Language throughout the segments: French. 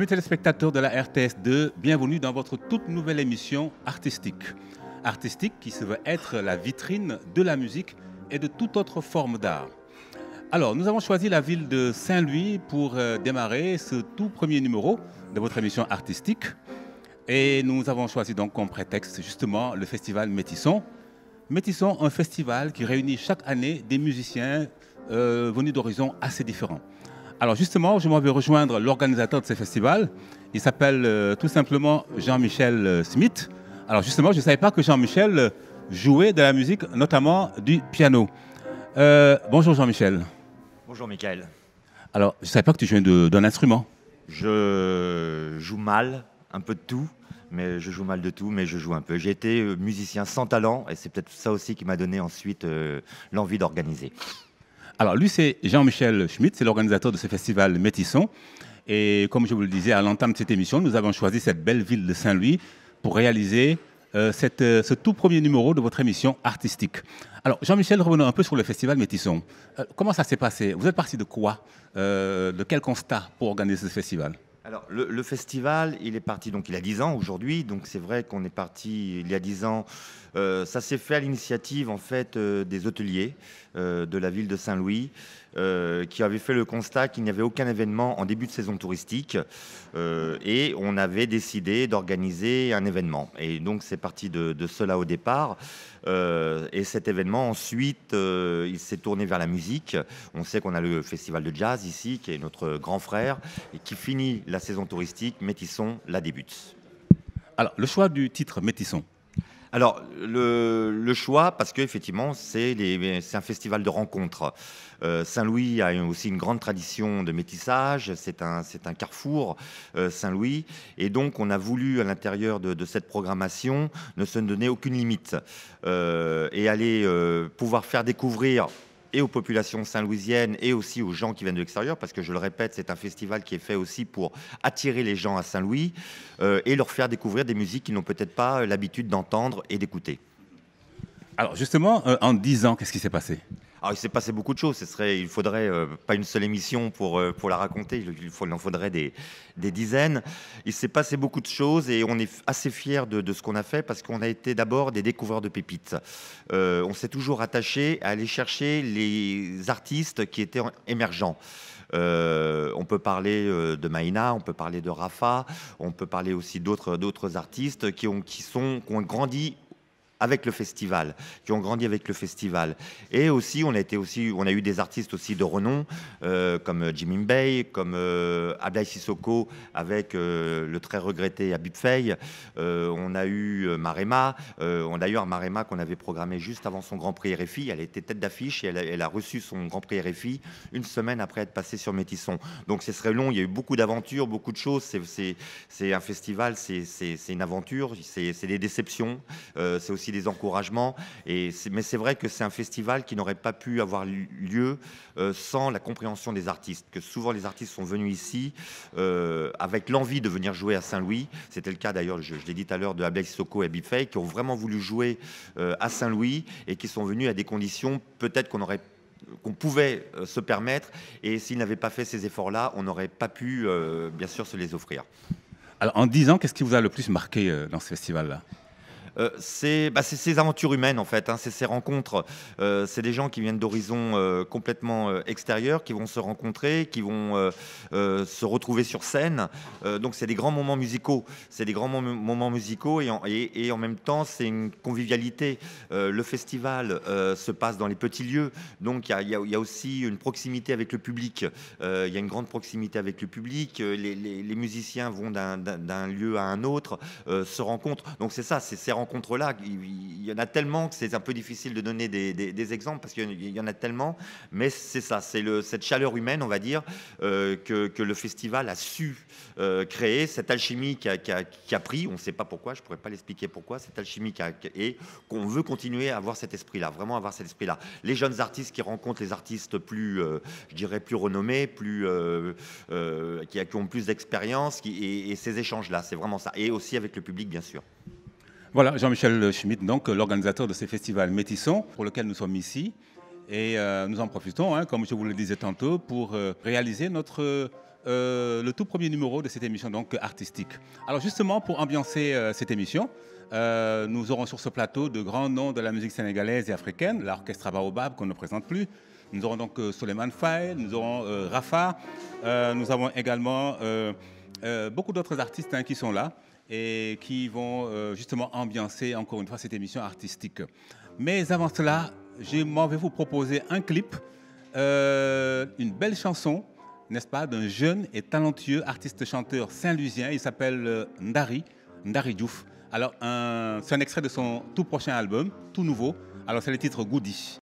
Mes téléspectateurs de la RTS2, bienvenue dans votre toute nouvelle émission artistique. Artistique qui se veut être la vitrine de la musique et de toute autre forme d'art. Alors, nous avons choisi la ville de Saint-Louis pour euh, démarrer ce tout premier numéro de votre émission artistique. Et nous avons choisi donc comme prétexte justement le festival Métisson. Métisson, un festival qui réunit chaque année des musiciens euh, venus d'horizons assez différents. Alors justement, je m'en vais rejoindre l'organisateur de ce festival. Il s'appelle euh, tout simplement Jean-Michel euh, Smith. Alors justement, je ne savais pas que Jean-Michel euh, jouait de la musique, notamment du piano. bonjour Jean-Michel. Bonjour Michael. Alors, je ne savais pas que tu jouais d'un instrument. Je joue mal, un peu de tout, mais je joue mal de tout, mais je joue un peu. J'ai été musicien sans talent, et c'est peut-être ça aussi qui m'a donné ensuite l'envie d'organiser. Alors lui, c'est Jean-Michel Schmitt, c'est l'organisateur de ce festival Métisson. Et comme je vous le disais à l'entame de cette émission, nous avons choisi cette belle ville de Saint-Louis pour réaliser euh, euh, ce tout premier numéro de votre émission artistique. Alors, Jean-Michel, revenons un peu sur le festival Métisson. Euh, comment ça s'est passé Vous êtes parti de quoi De quel constat pour organiser ce festival le, festival, il est parti, donc il y a 10 ans aujourd'hui, donc c'est vrai qu'on est parti il y a 10 ans. Euh, ça s'est fait à l'initiative, en fait, euh, des hôteliers euh, de la ville de Saint-Louis, qui avaient fait le constat qu'il n'y avait aucun événement en début de saison touristique, et on avait décidé d'organiser un événement. Et donc, c'est parti de, cela au départ. Euh, et cet événement, ensuite, euh, il s'est tourné vers la musique. On sait qu'on a le festival de jazz ici, qui est notre grand frère, et qui finit la saison touristique. Métisson la débute. Alors, le choix du titre Métisson, alors, le, choix, parce qu'effectivement, c'est un festival de rencontres. Euh, Saint-Louis a aussi une grande tradition de métissage, c'est un, carrefour, euh, Saint-Louis. Et donc, on a voulu, à l'intérieur de, cette programmation, ne se donner aucune limite euh, et aller pouvoir faire découvrir et aux populations saint-louisiennes et aussi aux gens qui viennent de l'extérieur, parce que je le répète, c'est un festival qui est fait aussi pour attirer les gens à Saint-Louis euh, et leur faire découvrir des musiques qu'ils n'ont peut-être pas l'habitude d'entendre et d'écouter. Alors justement, euh, en 10 ans, qu'est-ce qui s'est passé alors, il s'est passé beaucoup de choses. Ce serait, il faudrait euh, pas une seule émission pour, euh, pour la raconter. Il, en faudrait des, dizaines. Il s'est passé beaucoup de choses et on est assez fiers de, ce qu'on a fait parce qu'on a été d'abord des découvreurs de pépites. Euh, on s'est toujours attaché à aller chercher les artistes qui étaient émergents. on peut parler de Maïna, on peut parler de Rafa, on peut parler aussi d'autres artistes qui ont, qui, sont, qui ont grandi avec le festival, qui ont grandi avec le festival. Et aussi, on a, été aussi, on a eu des artistes aussi de renom, comme Jimmy Bay, comme euh, euh Sissoko, avec euh, le très regretté Abib Faye. Euh, on a eu Marema. on D'ailleurs, Marema, qu'on avait programmé juste avant son Grand Prix RFI, elle était tête d'affiche et elle a, elle a, reçu son Grand Prix RFI une semaine après être passée sur Métisson. Donc, ce serait long. Il y a eu beaucoup d'aventures, beaucoup de choses. C'est un festival, c'est une aventure, c'est des déceptions. c'est aussi des encouragements. mais c'est vrai que c'est un festival qui n'aurait pas pu avoir lieu euh, sans la compréhension des artistes. Que souvent les artistes sont venus ici euh, avec l'envie de venir jouer à Saint-Louis. C'était le cas d'ailleurs, je, l'ai dit tout à l'heure, de Abel Soko et bifay qui ont vraiment voulu jouer euh, à Saint-Louis et qui sont venus à des conditions peut-être qu'on aurait qu'on pouvait se permettre. Et s'ils n'avaient pas fait ces efforts-là, on n'aurait pas pu, bien sûr, se les offrir. Alors, en 10 ans, qu'est-ce qui vous a le plus marqué dans ce festival-là euh, bah, c'est ces aventures humaines en fait, hein. c'est ces rencontres, euh, c'est des gens qui viennent d'horizons euh, complètement extérieurs, qui vont se rencontrer, qui vont se retrouver sur scène. donc c'est des grands moments musicaux, c'est des grands moments musicaux et en, et, en même temps c'est une convivialité. le festival se passe dans les petits lieux, donc il y, a aussi une proximité avec le public. Il y a une grande proximité avec le public. Les, les musiciens vont d'un lieu à un autre, se rencontrent. Donc c'est ça, c'est ces rencontres contre là Il, y en a tellement que c'est un peu difficile de donner des, exemples parce qu'il y en a tellement. Mais c'est ça, c'est cette chaleur humaine, on va dire, euh, que, le festival a su euh, créer, cette alchimie qui a, pris, on ne sait pas pourquoi, je ne pourrais pas l'expliquer pourquoi, cette alchimie qui a, et qu'on veut continuer à avoir cet esprit-là, vraiment avoir cet esprit-là. Les jeunes artistes qui rencontrent les artistes plus, euh, je dirais, plus renommés, plus, qui, ont plus d'expérience, et ces échanges-là, c'est vraiment ça. Et aussi avec le public, bien sûr. Voilà, Jean-Michel Schmitt, donc l'organisateur de ces festivals Métisson, pour lequel nous sommes ici. Et euh, nous en profitons, hein, comme je vous le disais tantôt, pour euh, réaliser notre, euh, le tout premier numéro de cette émission donc, artistique. Alors justement, pour ambiancer cette émission, nous aurons sur ce plateau de grands noms de la musique sénégalaise et africaine, l'orchestre Baobab qu'on ne présente plus. Nous aurons donc Soleiman Faye, nous aurons Rafa, nous avons également beaucoup d'autres artistes hein, qui sont là et qui vont euh, justement ambiancer encore une fois cette émission artistique. Mais avant cela, je m'en vais vous proposer un clip, euh, une belle chanson, n'est-ce pas, d'un jeune et talentueux artiste-chanteur saint-lusien. Il s'appelle euh, Ndari, Ndari Diouf. Alors, c'est un extrait de son tout prochain album, tout nouveau. Alors, c'est le titre Goody.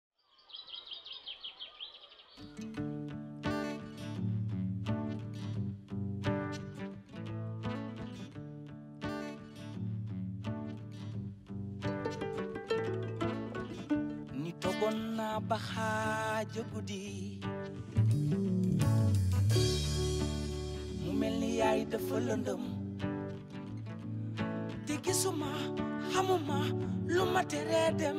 xaaju guddi mu mel ni yaay dafa lëndëm te gisuma xamuma lu ma teree dem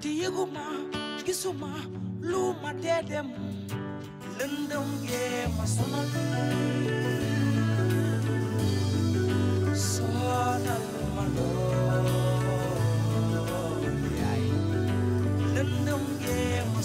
te yëguma gisuma lu ma tee dem lëndëm gee ma sonal sonal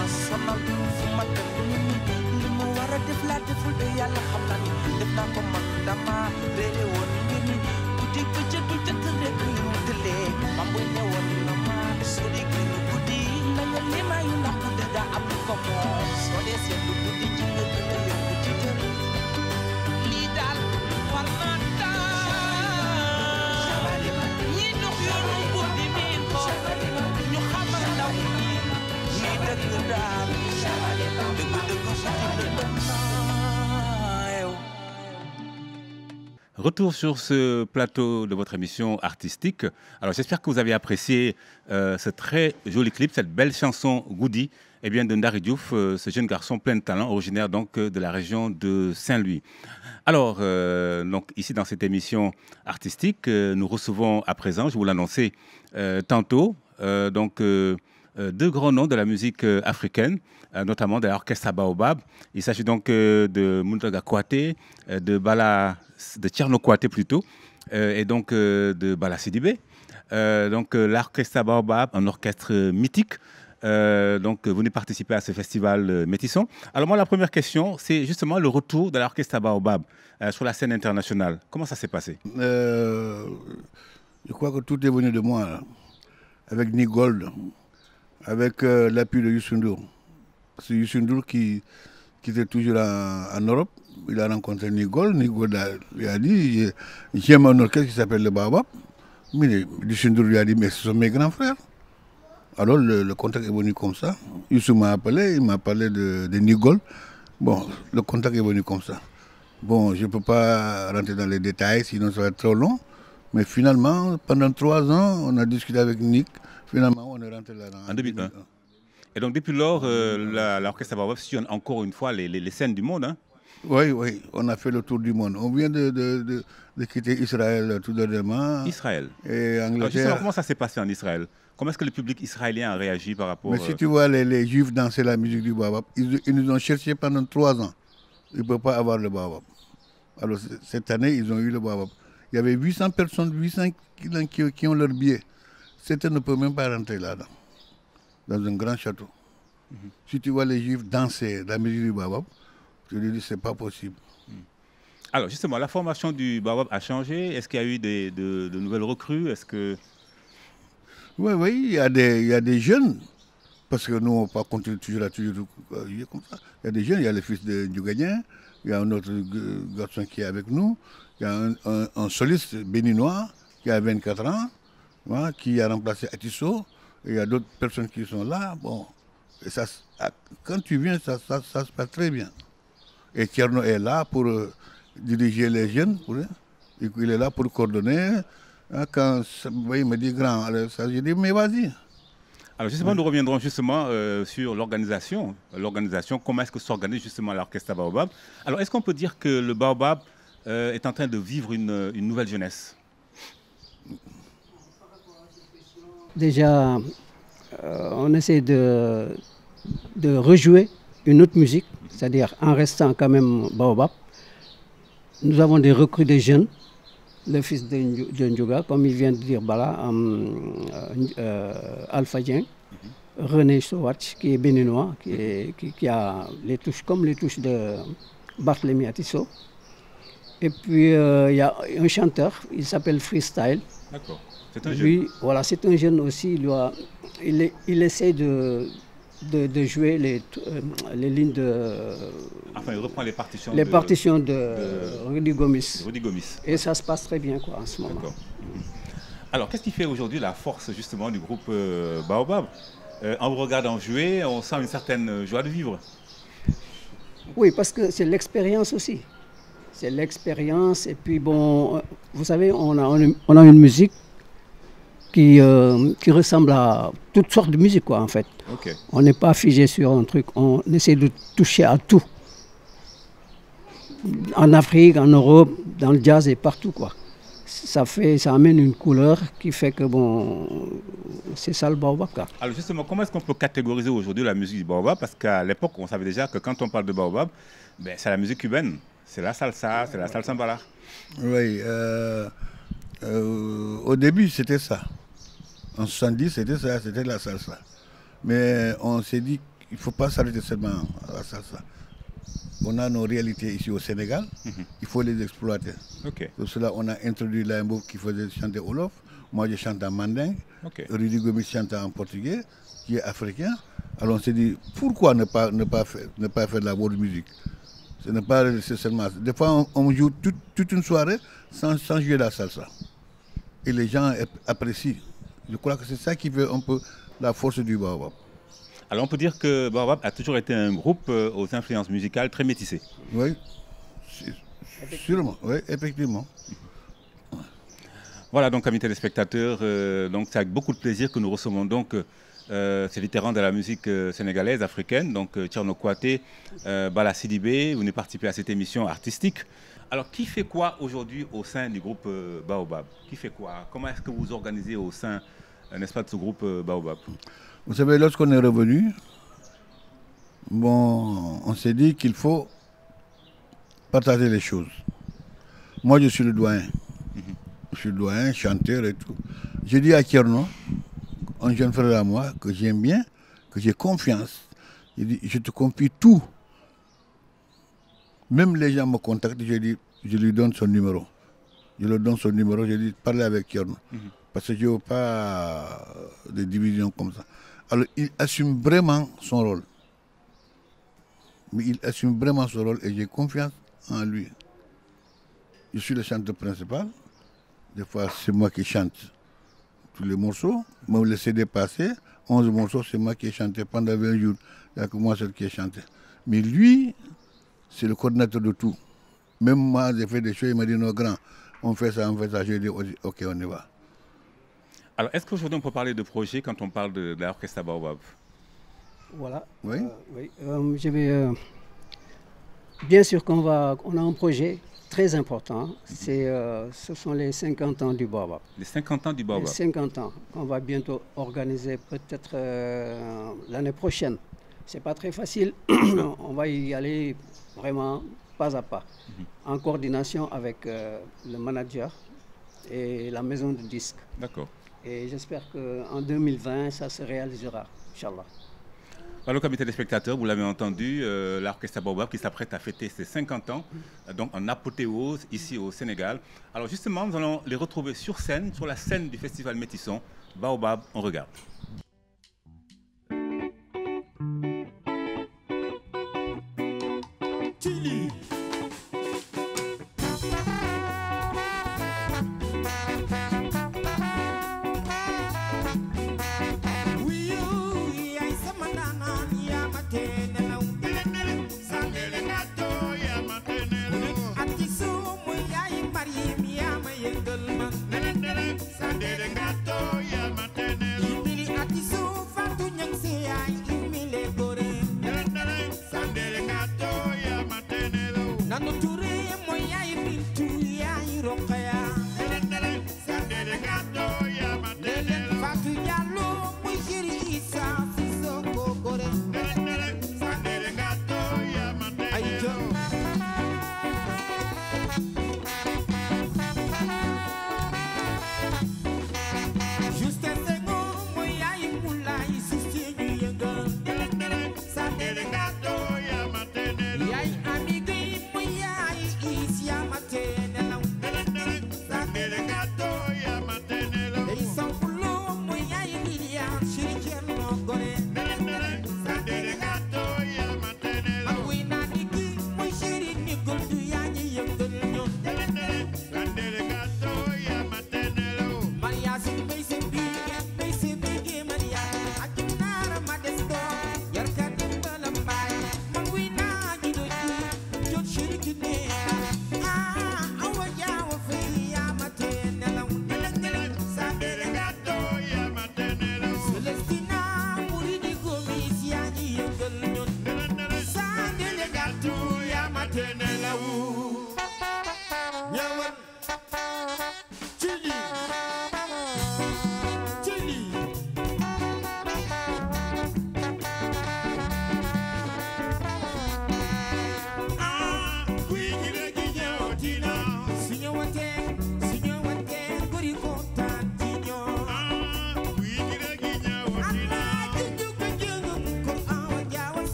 ma sonal fu ma dem li ma war a def laa deful de yàlla xam naa ni ko man dama réere woon ngir ni guddi ko ca du jëkk rek li mu tëlee ma bu ne woon na ma soo dee génn guddi nañu li ma yu ndax guddi daa am ko moom soo dee seetlu guddi ci Retour sur ce plateau de votre émission artistique. Alors j'espère que vous avez apprécié euh, ce très joli clip, cette belle chanson Goody, et eh bien de Ndari Diouf, euh, ce jeune garçon plein de talent, originaire donc euh, de la région de Saint-Louis. Alors donc ici dans cette émission artistique, nous recevons à présent, je vous l'annonçais tantôt, donc euh, deux grands noms de la musique euh, africaine, euh, notamment de l'orchestre Baobab. Il s'agit donc de Muntaga Kouate, de Bala, de Tcherno Kouate plutôt, et donc de Bala Sidibé. donc l'orchestre Baobab, un orchestre mythique. donc venez participer à ce festival Métisson. Alors moi, la première question, c'est justement le retour de l'orchestre Baobab sur la scène internationale. Comment ça s'est passé Je crois que tout est venu de moi. Hein. Avec Nigold avec euh, l'appui de Yusundur. C'est Yusundur qui, qui était toujours en, Europe. Il a rencontré Nigol. Nigol lui a dit J'aime un orchestre qui s'appelle le Baobab. Mais Yusundur lui a dit Mais ce sont mes grands frères. Alors le, contact est venu comme ça. Youssou m'a appelé, il m'a parlé de, de Nigol. Bon, le contact est venu comme ça. Bon, je ne peux pas rentrer dans les détails, sinon ça va être trop long. Mais finalement, pendant trois ans, on a discuté avec Nick. Finalement, on est rentré là en, Et donc, depuis lors, euh, l'orchestre Baobab sillonne encore une fois les, scènes du monde. Hein. Oui, oui, on a fait le tour du monde. On vient de, de, quitter Israël tout dernièrement. Israël Et Angleterre. Alors, comment ça s'est passé en Israël Comment est-ce que le public israélien a réagi par rapport... Mais si euh, tu vois les, Juifs danser la musique du Baobab, ils, nous ont cherché pendant trois ans. Ils ne peuvent pas avoir le Baobab. Alors cette année, ils ont eu le Baobab. Il y avait 800 personnes, 800 qui, qui ont leur billet. Certains ne peuvent même pas rentrer là-dedans, dans un grand château. Si tu vois les juifs danser la musique du Babab, tu lui dis c'est pas possible. Hmm. Alors justement, la formation du Babab a changé. Est-ce qu'il y a eu de, nouvelles recrues Est-ce que oui, oui, il y, a des, il y a des jeunes parce que nous on pas continuer toujours à toujours euh, comme Il y a des jeunes, il y a le fils de Gagné, il y a un autre euh, garçon qui est avec nous, il y a un soliste béninois qui a 24 ans. Hein, qui a remplacé Atisso. Il y a d'autres personnes qui sont là. Bon, ah, quand tu viens, ça, se passe très bien. Et Tierno est là pour euh, diriger les jeunes. Hein. il est là pour coordonner. Hein. quand il me dit grand, je dis, mais vas-y. Alors justement, nous reviendrons justement euh, sur l'organisation. L'organisation, comment est-ce que s'organise justement l'orchestre Baobab Alors, est-ce qu'on peut dire que le Baobab euh, est en train de vivre une nouvelle jeunesse déjà, euh, on essaie de, rejouer une autre musique, c'est-à-dire en restant quand même Baobab. Nous avons des recrues de jeunes, le fils de, Ndjouga, comme il vient de dire, Bala, euh, euh, Alpha René Sowatch, qui est béninois, qui, a les touches comme les touches de Barthélemy Atisso. Et puis, il y a un chanteur, il s'appelle Freestyle. D'accord c'est un jeune. voilà, c'est un jeune aussi. il, il, essaie de, de, jouer les, euh, les, lignes de. Enfin, il reprend les partitions. Les partitions de, Rudy Gomis. Gomis. Et ça se passe très bien, quoi, en ce moment. D'accord. Mhm. Alors, qu'est-ce qui fait aujourd'hui la force, justement, du groupe euh, Baobab euh, En regardant jouer, on sent une certaine joie de vivre. Oui, parce que c'est l'expérience aussi. C'est l'expérience. Et puis, bon, vous savez, on a, on a une musique qui, euh, qui ressemble à toutes sortes de musique, quoi, en fait. On n'est pas figé sur un truc, on essaie de toucher à tout. En Afrique, en Europe, dans le jazz et partout, quoi. Ça, fait, ça amène une couleur qui fait que, bon, c'est ça le baobab. Alors justement, comment est-ce qu'on peut catégoriser aujourd'hui la musique du baobab Parce qu'à l'époque, on savait déjà que quand on parle de baobab, ben, c'est la musique cubaine, c'est la salsa, c'est la salsa bala. Oui, euh, euh, au début, c'était ça. En 70, c'était ça, c'était la salsa. Mais on s'est dit qu'il ne faut pas s'arrêter seulement à la salsa. On a nos réalités ici au Sénégal, mhm. il faut les exploiter. Donc, Pour cela, on a introduit Limbo qui faisait chanter Olof. Moi, je chante en mandingue. Rudy Gomes chante en portugais, qui est africain. Alors on s'est dit, pourquoi ne pas, ne pas, faire, ne pas faire de la world musique Ce n'est pas seulement. Des fois, on, joue toute une soirée sans, sans jouer la salsa et les gens apprécient. Je crois que c'est ça qui veut un peu la force du Baobab. Alors on peut dire que Baobab a toujours été un groupe euh, aux influences musicales très métissées. Oui, sûrement, oui, effectivement. Voilà donc amis téléspectateurs, euh, donc c'est avec beaucoup de plaisir que nous recevons donc euh, ces vétérans de la musique sénégalaise, africaine, donc Tierno Kouate, Bala Sidibé, vous venez participer à cette émission artistique. Alors, qui fait quoi aujourd'hui au sein du groupe euh, Baobab Qui fait quoi Comment est-ce que vous organisez au sein, euh, n'est-ce pas, de ce groupe euh, Baobab Vous savez, lorsqu'on est revenu, bon, on s'est dit qu'il faut partager les choses. Moi, je suis le doyen. Mhm. Je suis le doyen, chanteur et tout. J'ai dit à Kierno, un jeune frère à moi, que j'aime bien, que j'ai confiance. Il dit, je te confie tout. Même les gens me contactent, je, lui donne son numéro. Je lui donne son numéro, je lui dis parlez avec Yorn. Mhm. Parce que je ne veux pas euh, de division comme ça. Alors il assume vraiment son rôle. Mais il assume vraiment son rôle et j'ai confiance en lui. Je suis le chanteur principal. Des fois, c'est moi qui chante tous les morceaux. on le CD passé, 11 morceaux, c'est moi qui ai chanté pendant 20 jours. Il n'y a que moi seul qui ai chanté. Mais lui, c'est le coordinateur de tout. Même moi, j'ai fait des choses, il m'a dit, non, grand, on fait ça, on fait ça. Je lui dit, ok, on y va. Alors, est-ce qu'aujourd'hui, on peut parler de projet quand on parle de, de l'orchestre Baobab Voilà. Oui. Euh, euh, euh, bien sûr qu'on va, on a un projet très important. C'est, ce sont les 50 ans du Baobab. Les 50 ans du Baobab. Les 50 ans On va bientôt organiser, peut-être l'année prochaine. Ce n'est pas très facile. on va y aller vraiment pas à pas, mhm. en coordination avec euh, le manager et la maison de disque D'accord. Et j'espère qu'en 2020, ça se réalisera, Inch'Allah. Alors, comité des spectateurs, vous l'avez entendu, euh, l'orchestre Baobab qui s'apprête à fêter ses 50 ans, euh, donc en apothéose ici au Sénégal. Alors justement, nous allons les retrouver sur scène, sur la scène du festival Métisson. Baobab, on regarde.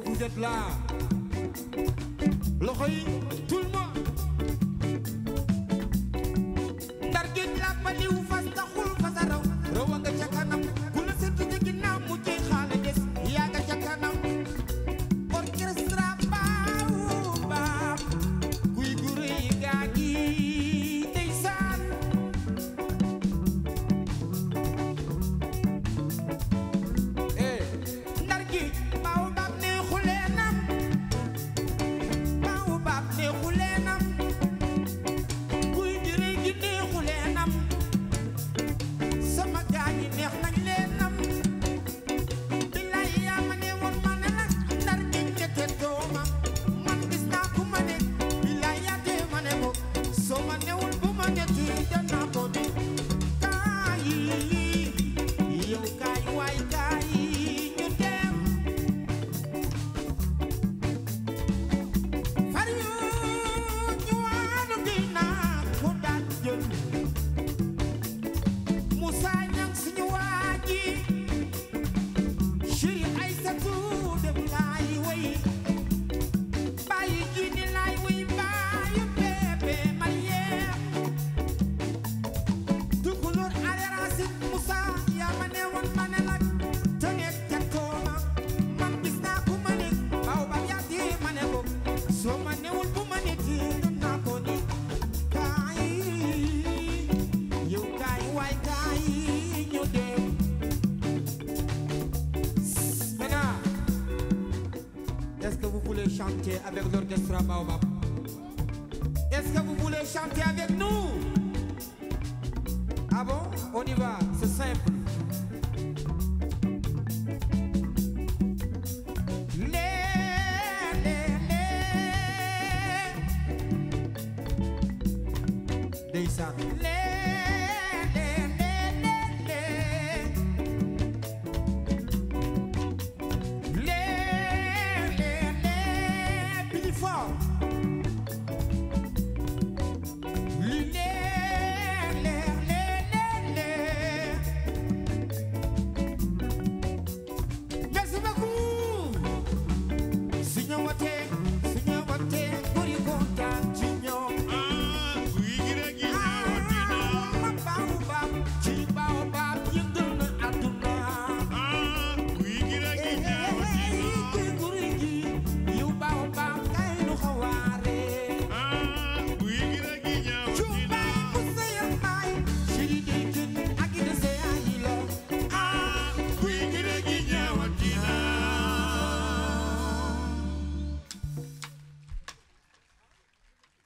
que vous êtes là. L'oreille, tout le monde.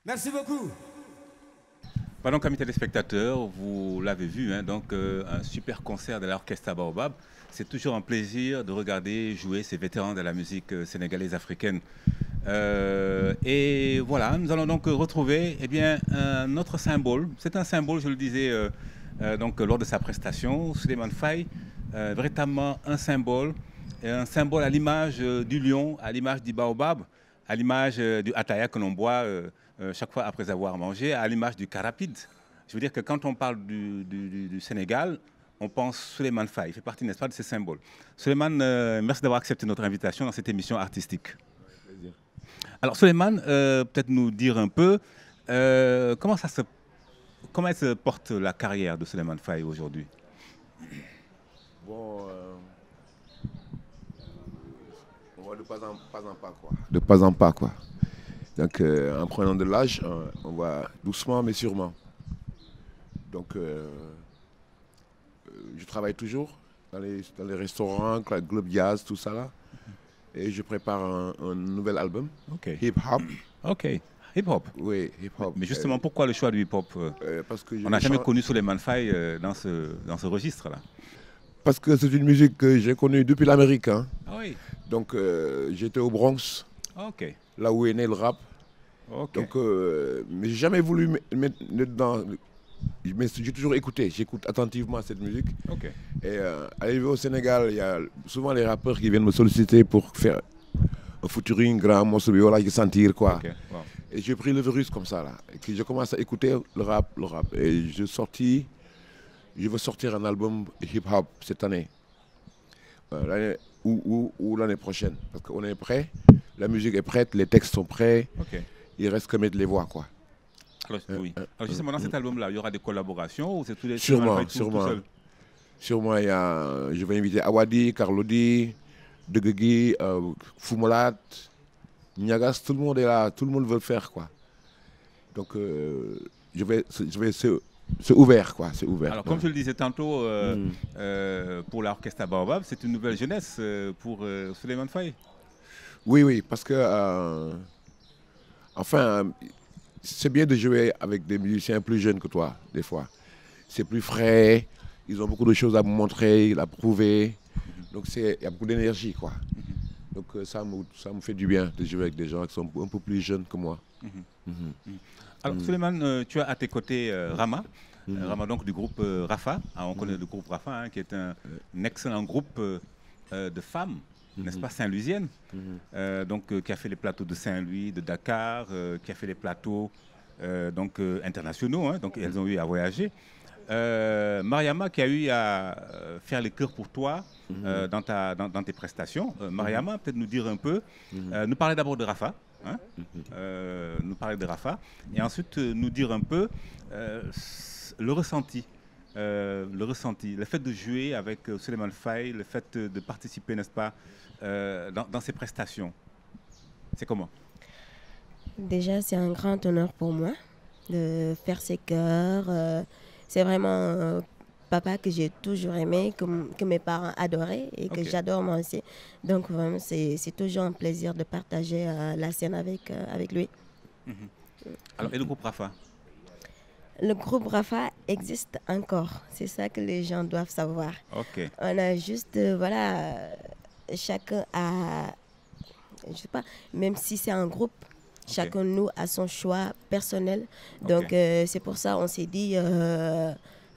Merci beaucoup. Pendant amis téléspectateurs, vous l'avez vu, hein, donc euh, un super concert de l'Orchestre Baobab. C'est toujours un plaisir de regarder jouer ces vétérans de la musique euh, sénégalaise africaine. Euh, et voilà, nous allons donc retrouver et eh bien, un autre symbole. C'est un symbole, je le disais donc, lors de sa prestation, Suleiman Faye, véritablement un symbole, un symbole à l'image du lion, à l'image du baobab, à l'image du ataya que l'on boit euh, chaque fois après avoir mangé, à l'image du carapide Je veux dire que quand on parle du, Sénégal, on pense Suleiman Faye. Il fait partie, n'est-ce pas, de ces symboles. Suleiman, euh, merci d'avoir accepté notre invitation dans cette émission artistique. Alors, Suleiman, euh, peut-être nous dire un peu comment ça se comment se porte la carrière de Suleiman Faye aujourd'hui. de pas, en pas quoi. De pas en pas quoi. Donc euh, en prenant de l'âge, euh, on va doucement mais sûrement. Donc euh, je travaille toujours dans les, dans les restaurants, Globe Jazz, tout ça là. Et je prépare un, nouvel album, Hip Hop. Ok. Hip hop. Oui, hip hop. Mais justement, pourquoi le choix du hip hop parce que On n'a jamais connu Suleiman Faye dans ce, dans ce registre-là. Parce que c'est une musique que j'ai connue depuis l'Amérique. Hein. Ah oui. Donc j'étais au Bronx. ok là où est né le rap. Donc, euh, mais j'ai jamais voulu mettre dedans. Mais j'ai toujours écouté, j'écoute attentivement cette musique. Et euh, arrivé au Sénégal, il y a souvent les rappeurs qui viennent me solliciter pour faire un featuring, grand morceau, voilà, je sentir quoi. Et j'ai pris le virus comme ça là. Et que je commence à écouter le rap, le rap. Et je sortis, je veux sortir un album hip-hop cette année. Euh, ou, ou l'année prochaine, parce qu'on est prêt la musique est prête, les textes sont prêts. Il Il reste que mettre les voix, quoi. Euh, euh, Alors, justement, dans cet euh, album-là, il y aura des collaborations ou c'est tous les Sûrement, tout, sûrement. sûrement, il je vais inviter Awadi, Carlodi, Degegi, euh, Fumolat, Niagas, tout le monde est là, tout le monde veut le faire, quoi. Donc, je vais, je vais c'est ouvert, quoi. C'est ouvert. Alors, comme je le disais tantôt, mm. pour l'orchestre Baobab, c'est une nouvelle jeunesse pour Suleiman Faye. Oui, oui, parce que, euh, enfin, c'est bien de jouer avec des musiciens plus jeunes que toi, des fois. C'est plus frais, ils ont beaucoup de choses à montrer, à prouver. Donc il y a beaucoup d'énergie, quoi. Donc euh, ça me, ça me fait du bien de jouer avec des gens qui sont un peu plus jeunes que moi. Mhm. Mhm. Mhm. Alors, Suleiman, euh, tu as à tes côtés Rama. Rama, donc du groupe Rafa. Ah, on connaît le groupe Rafa, hein, qui est un excellent groupe de femmes n'est-ce mhm. pas, Saint-Louisienne, mhm. euh, donc, euh, qui a fait les plateaux de Saint-Louis, de Dakar, euh, qui a fait les plateaux donc, internationaux, hein. donc elles ont eu à voyager. Mariama qui a eu à faire les cœurs pour toi mhm. dans, ta, dans, tes prestations. Mariama, peut-être nous dire un peu, nous parler d'abord de Rafa, hein. nous parler de Rafa, et ensuite nous dire un peu le ressenti. le ressenti, le fait de jouer avec Suleiman Faye, le fait de participer, n'est-ce pas, euh, dans, ses prestations. C'est comment Déjà, c'est un grand honneur pour moi de faire ses cœurs. Euh, c'est vraiment papa que j'ai toujours aimé, que, que, mes parents adoraient et que j'adore moi aussi. Donc c'est toujours un plaisir de partager euh, la scène avec, avec lui. Mhm. Alors, et le groupe Rafa Le groupe Rafa existe encore. C'est ça que les gens doivent savoir. On a juste, voilà, chacun a, je sais pas, même si c'est un groupe, chacun de nous a son choix personnel. Donc euh, c'est pour ça on s'est dit, euh,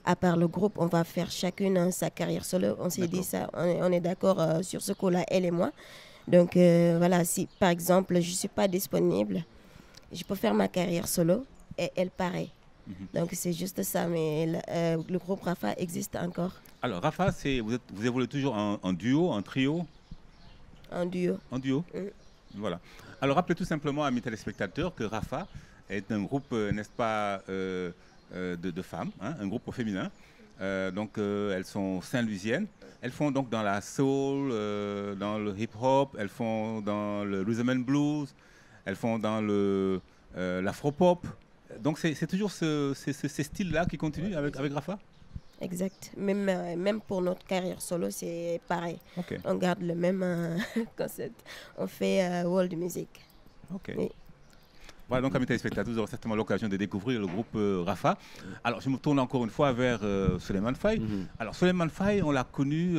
à part le groupe, on va faire chacune hein, sa carrière solo. On s'est dit ça, on est, d'accord euh, sur ce coup-là, elle et moi. Donc voilà, si par exemple je suis pas disponible, je peux faire ma carrière solo et elle paraît. Mhm. Donc c'est juste ça, mais le, groupe Rafa existe encore. Alors Rafa, vous, vous évoluez toujours en duo, en trio en duo. En duo mm. Voilà. Alors rappelez tout simplement à mes téléspectateurs que Rafa est un groupe, euh, n'est-ce pas, euh, euh, de, femmes, hein, un groupe féminin. donc elles sont Saint-Lusiennes. Elles font donc dans la soul, dans le hip-hop, elles font dans le rhythm and blues, elles font dans le l'afro-pop. Donc c'est toujours ce, ces styles-là qui continuent avec Rafa Exact. Même, euh, même pour notre carrière solo, c'est pareil. On garde le même euh, concept. On fait euh, world music. Ok. Voilà, donc, amis téléspectateurs, vous aurez certainement l'occasion de découvrir le groupe Rafa. Alors, je me tourne encore une fois vers Suleiman Faye. Mhm. Alors, Suleiman Faye, on l'a connu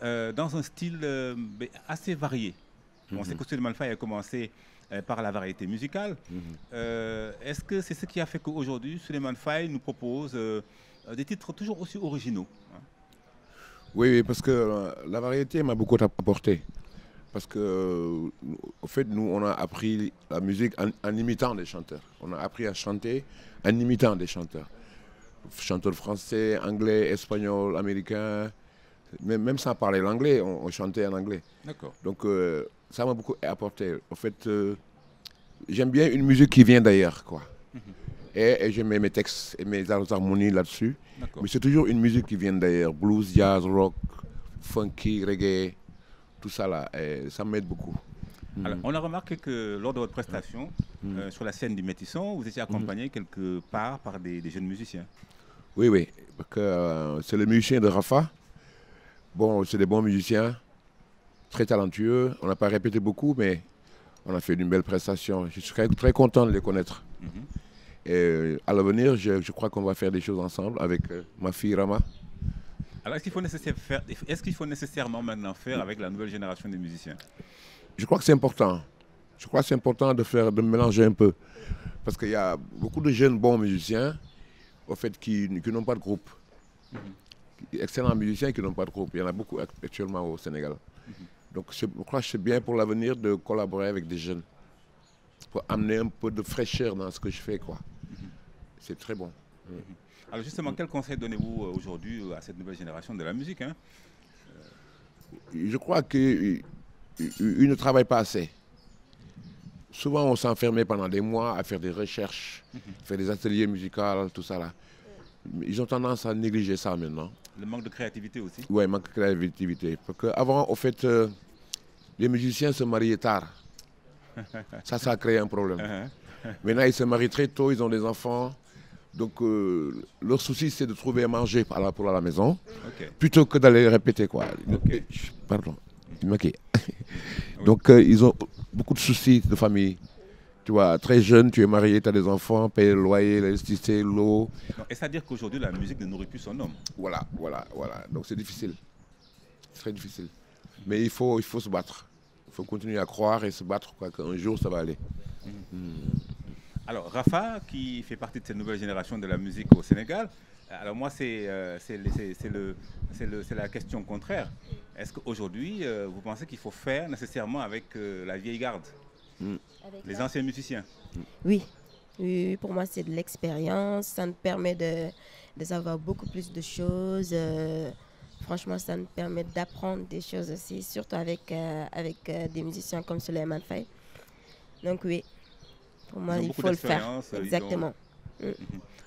dans un style assez varié. On mhm. sait que Suleiman Faye a commencé par la variété musicale. Mhm. Est-ce que c'est ce qui a fait qu'aujourd'hui, Suleiman Faye nous propose euh, des titres toujours aussi originaux. Hein. Oui, parce que euh, la variété m'a beaucoup apporté. Parce que, euh, au fait, nous, on a appris la musique en, imitant des chanteurs. On a appris à chanter en imitant des chanteurs. Chanteurs français, anglais, espagnol, américain. Même, sans parler l'anglais, on, chantait en anglais. D'accord. Donc, ça m'a beaucoup apporté. en fait, j'aime bien une musique qui vient d'ailleurs, quoi. Et, et j'ai mes, textes et mes harmonies là-dessus. Mais c'est toujours une musique qui vient d'ailleurs. Blues, jazz, rock, funky, reggae, tout ça là. Et ça m'aide beaucoup. Hmm. Alors, on a remarqué que lors de votre prestation hmm. euh, sur la scène du Métisson, vous étiez accompagné hmm. quelque part par des, jeunes musiciens. Oui, oui. Euh, c'est le musicien de Rafa. Bon, c'est des bons musiciens, très talentueux. On n'a pas répété beaucoup, mais on a fait une belle prestation. Je suis très, content de les connaître. Mhm. Et euh, à l'avenir, je, crois qu'on va faire des choses ensemble avec euh, ma fille Rama. Alors, est-ce qu'il faut, est faut, nécessairement maintenant faire avec la nouvelle génération de musiciens Je crois que c'est important. Je crois que c'est important de, faire, de mélanger un peu. Parce qu'il y a beaucoup de jeunes bons musiciens au fait, qui, n'ont pas de groupe. Mhm. Excellents musiciens qui n'ont pas de groupe. Il y en a beaucoup actuellement au Sénégal. Mhm. Donc, je crois que c'est bien pour l'avenir de collaborer avec des jeunes pour amener un peu de fraîcheur dans ce que je fais. quoi. C'est très bon. Mhm. Alors justement, quel conseil donnez-vous euh, aujourd'hui euh, à cette nouvelle génération de la musique hein? euh, Je crois qu'ils ne travaillent pas assez. Souvent, on s'enfermait pendant des mois à faire des recherches, mhm. faire des ateliers musicaux, tout ça là. Ils ont tendance à négliger ça maintenant. Le manque de créativité aussi Oui, manque de créativité. Parce qu'avant, au fait, les musiciens se mariaient tard. ça, ça a créé un problème. Uh-huh. Maintenant, ils se marient très tôt, ils ont des enfants. Donc, euh, leur souci, c'est de trouver à manger pour la, pour la maison, plutôt que d'aller répéter. Quoi. Pardon, Donc, euh, ils ont beaucoup de soucis de famille. Tu vois, très jeune, tu es marié, tu as des enfants, payer le loyer, l'électricité, l'eau. Et c'est-à-dire qu'aujourd'hui, la musique ne nourrit plus son homme. Voilà, voilà, voilà. Donc, c'est difficile. C'est très difficile. Mais il faut, il faut se battre. Il faut continuer à croire et se battre, quoi, qu'un jour, ça va aller. Mm-hmm. Alors, Rafa, qui fait partie de cette nouvelle génération de la musique au Sénégal, euh, alors moi, euh, c'est la question contraire. Est-ce qu'aujourd'hui, euh, vous pensez qu'il faut faire nécessairement avec la vieille garde, mm. les anciens musiciens mm. oui. oui. pour moi, c'est de l'expérience. Ça nous permet de, de, savoir beaucoup plus de choses. franchement, ça nous permet d'apprendre des choses aussi, surtout avec, avec des musiciens comme Suleiman Faye. Donc oui, il faut le faire. Euh, Exactement. Mm, mm,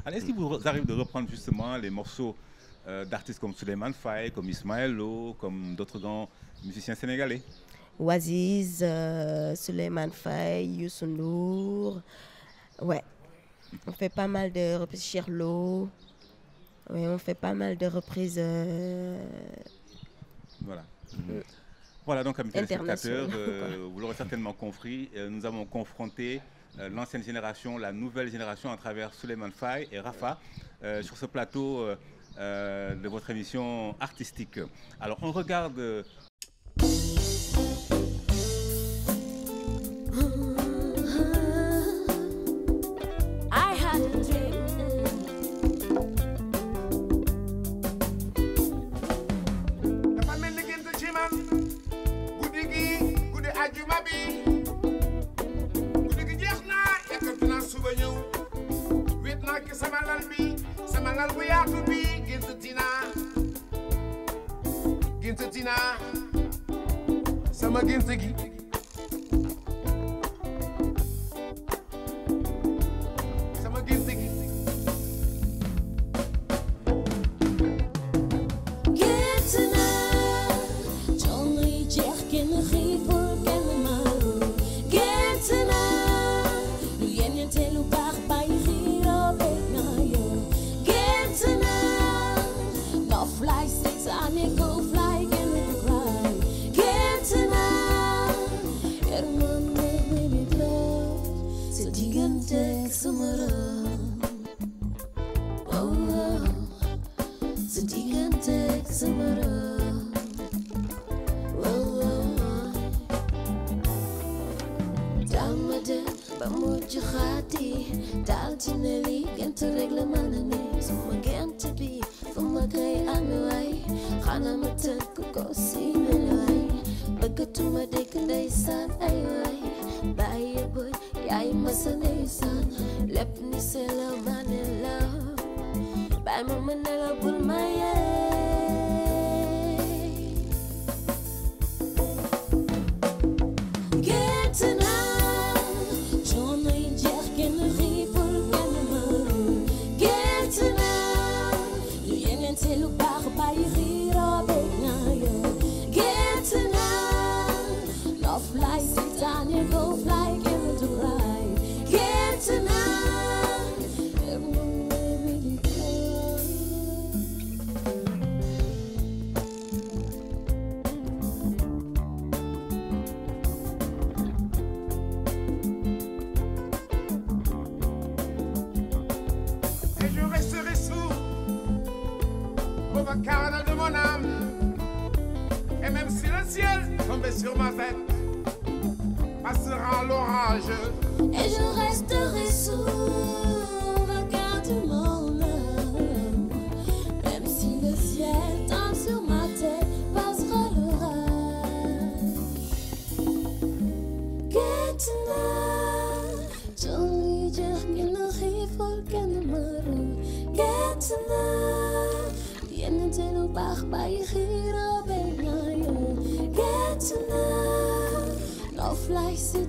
mm. Est-ce qu'il vous arrive de reprendre justement les morceaux euh, d'artistes comme Suleiman Faye, comme Ismaël Lo, comme d'autres grands musiciens sénégalais Oasis, euh, Suleiman Faye, Youssou Nour. Ouais. On fait pas mal de reprises Chirlo. Oui, on fait pas mal de reprises. Voilà. Voilà, donc, amis téléspectateurs, vous l'aurez certainement compris, nous avons confronté euh, l'ancienne génération, la nouvelle génération à travers Suleiman Fay et Rafa euh, sur ce plateau euh, de votre émission artistique. Alors on regarde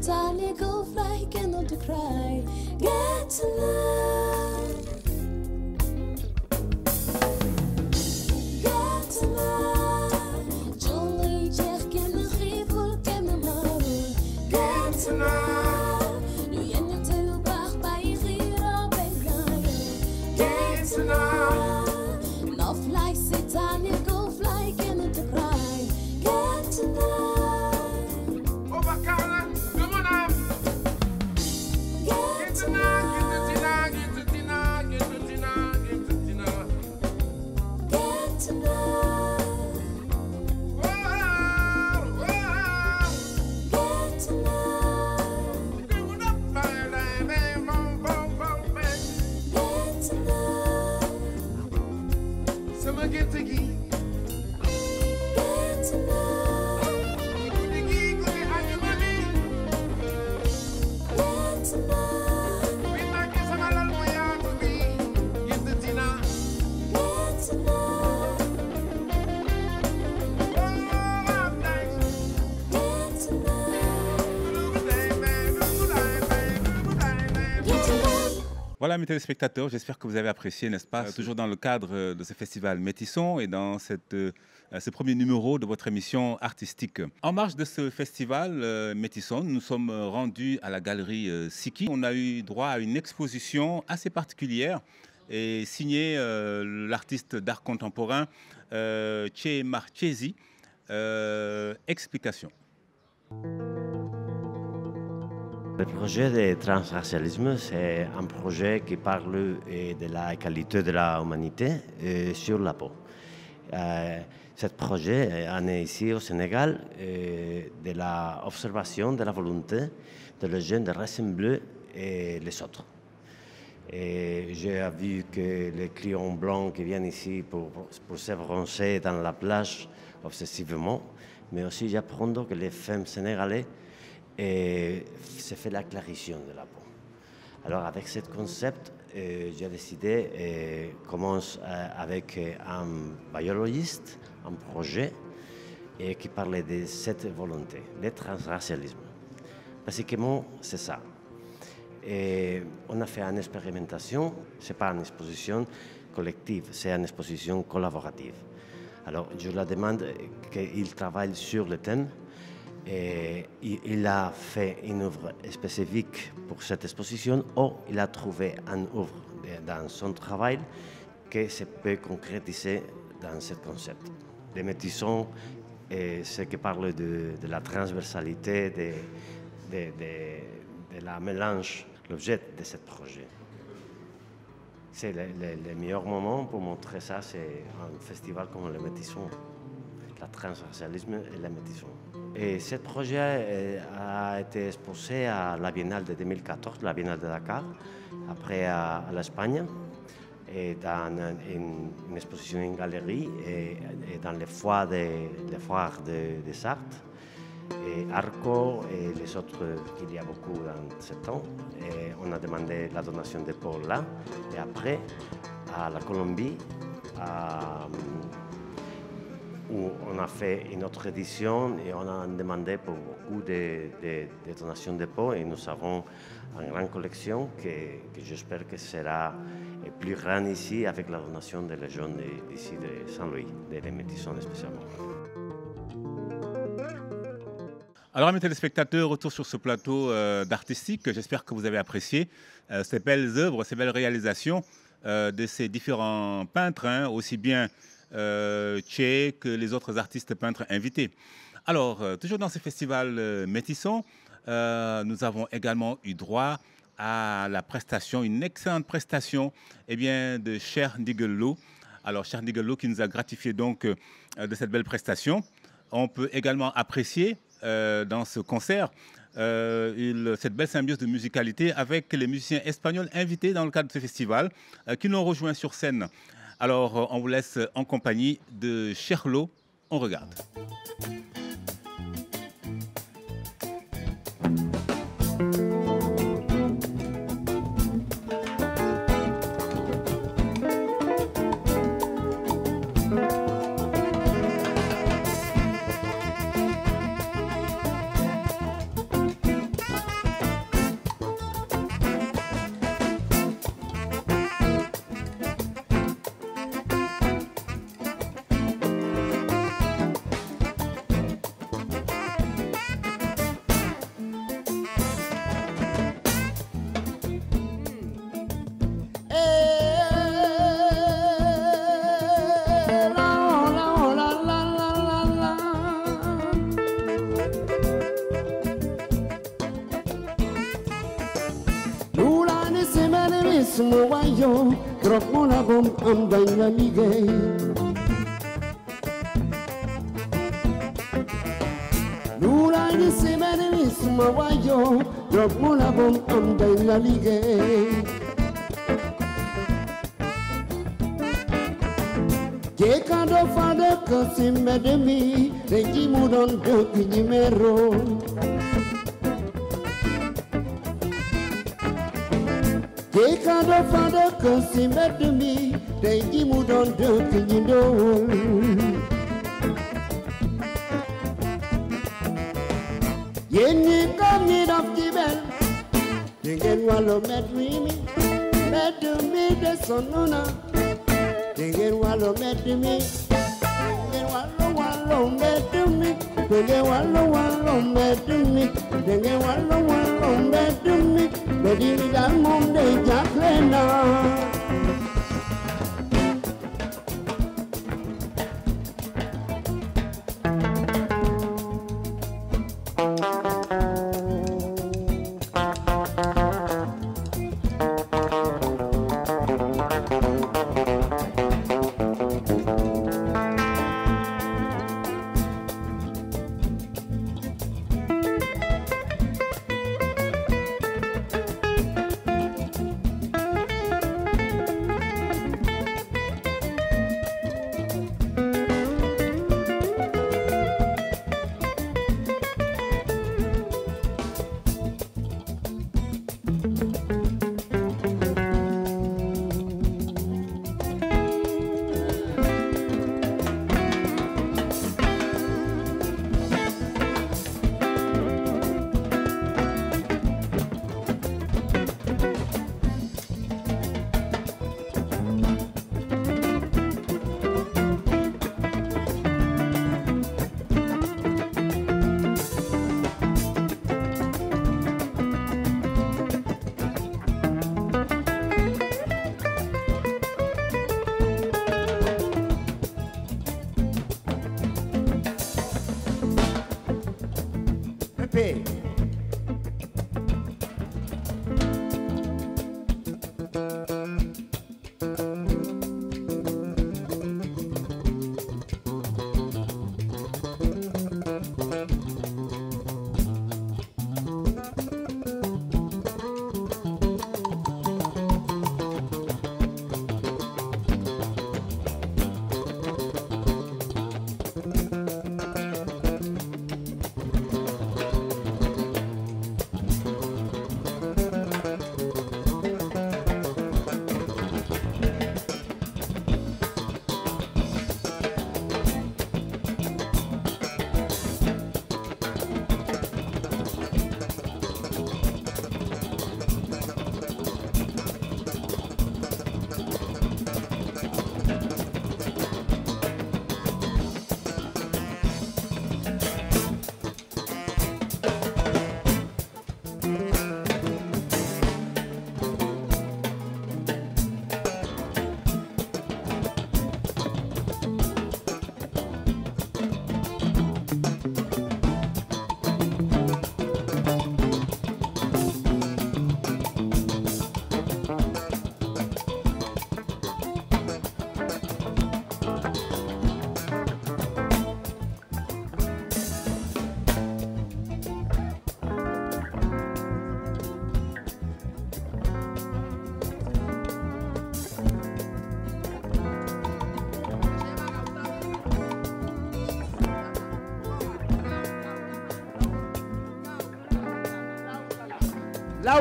Darling, go fly, cannot cry. Get to love. Voilà mes téléspectateurs, j'espère que vous avez apprécié, n'est-ce pas, toujours dans le cadre euh, de ce festival Métisson et dans euh, euh, ce premier numéro de votre émission artistique. En marge de ce festival Métisson, nous sommes rendus à la galerie Siki. On a eu droit à une exposition assez particulière et signée l'artiste d'art contemporain Che Marchesi. explication. Le projet de transracialisme, c'est un projet qui parle eh, de la qualité de la humanité eh, sur la peau. Eh, ce projet est né ici au Sénégal de l'observation de la volonté de les jeunes de bleue et les autres. j'ai vu que les clients blancs qui viennent ici pour, pour se bronzer dans la plage obsessivement, mais aussi j'apprends que les femmes sénégalaises et se fait la clarification de la peau. Alors avec ce concept, euh, j'ai décidé euh, commence euh, avec euh, un biologiste, un projet et qui parlait de cette volonté, le transracialisme. Parce que c'est ça. Et on a fait une expérimentation, ce n'est pas une exposition collective, c'est une exposition collaborative. Alors je la demande qu'il travaille sur le thème et il a fait une œuvre spécifique pour cette exposition ou il a trouvé une œuvre dans son travail qui se peut concrétiser dans ce concept. Les métissons, et ce qui parle de, la transversalité, de, la mélange, l'objet de ce projet. C'est le, le, meilleur moment pour montrer ça, c'est un festival comme les métissons, le transversalisme et les métissons. Et eh, ce projet eh, a été exposé à la Biennale de 2014, la Biennale de Dakar, après à, l'Espagne, et dans une, exposition en galerie et, dans les foires, de, les foires de, de et Arco et les autres qu'il y a beaucoup dans ce temps. Et on a demandé la donation de Paul là, et après à la Colombie, à où on a fait une autre édition et on a demandé pour beaucoup de, donations de pots et nous avons une grande collection que, j'espère que sera plus grande ici avec la donation des jeunes d'ici de Saint-Louis, de les spécialement. Alors, mes téléspectateurs, retour sur ce plateau euh, d'artistique. J'espère que vous avez apprécié euh, ces belles œuvres, ces belles réalisations euh, de ces différents peintres, hein, aussi bien euh, les autres artistes peintres invités. Alors, euh, toujours dans ce festival euh, Métisson, euh, nous avons également eu droit à la prestation, une excellente prestation et eh bien, de Cher Niguelo. Alors, Cher Nigelot qui nous a gratifié donc de cette belle prestation. On peut également apprécier dans ce concert il, cette belle symbiose de musicalité avec les musiciens espagnols invités dans le cadre de ce festival qui nous ont rejoint sur scène. Alors, euh, on vous laisse en compagnie de Cherlo. On regarde. demi tey ji mu doon dëkk ñi ndóol yéen ñi comme ñi dof ci bel di met de sonn na di ngeen wàllu met mi di ngeen wàllu wàllu met mi di ngeen wàllu wàllu met mi di ngeen met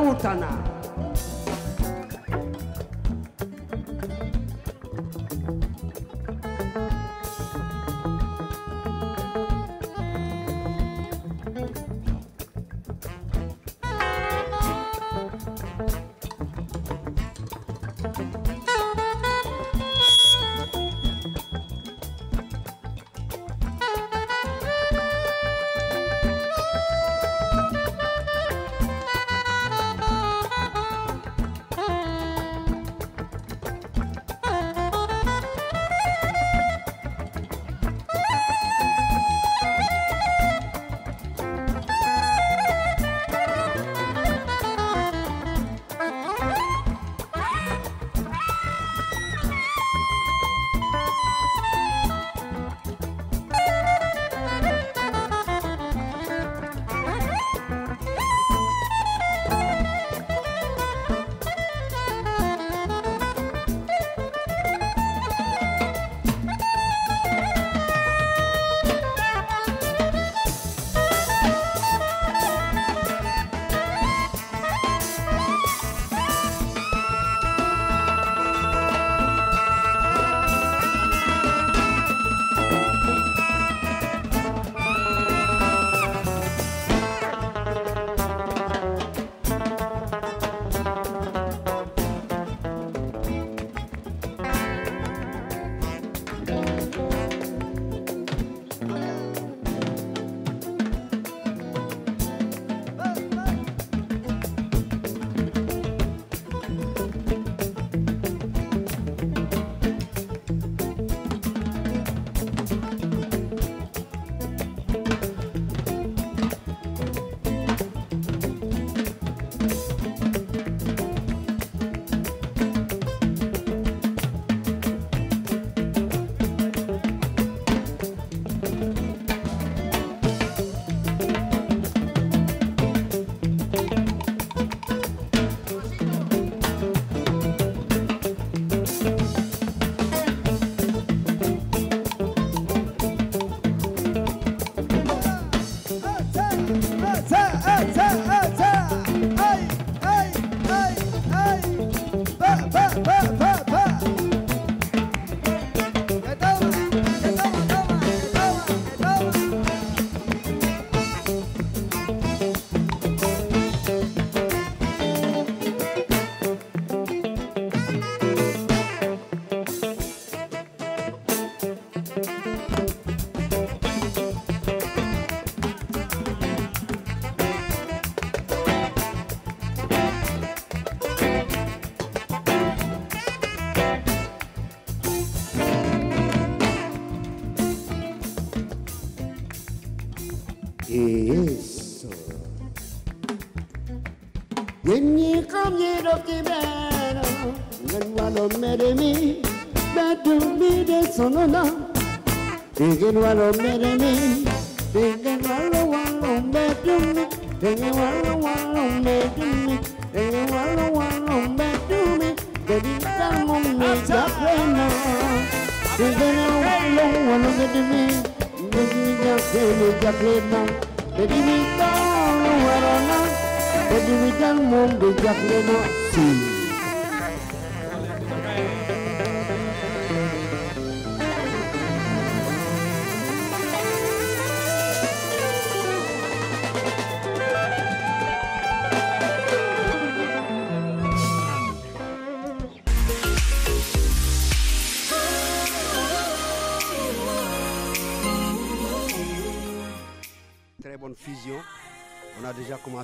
utana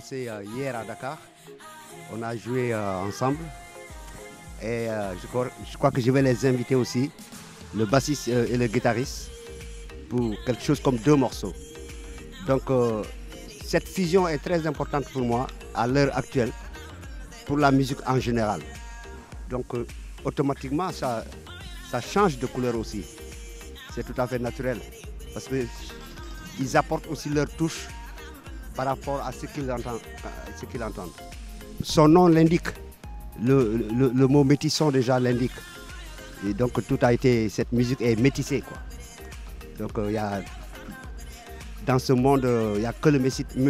C'est euh, hier à Dakar. On a joué euh, ensemble. Et euh, je crois, que je vais les inviter aussi, le bassiste et le guitariste, pour quelque chose comme deux morceaux. Donc cette fusion est très importante pour moi à l'heure actuelle, pour la musique en général. Donc automatiquement, ça, ça change de couleur aussi. C'est tout à fait naturel. Parce qu'ils apportent aussi leur touche par rapport à ce qu'ils entendent, qu'il Son nom l'indique, le, mot métisson déjà l'indique. Et donc tout a été, cette musique est métissée. Quoi. Donc euh, il y a, dans ce monde, euh, il n'y a que le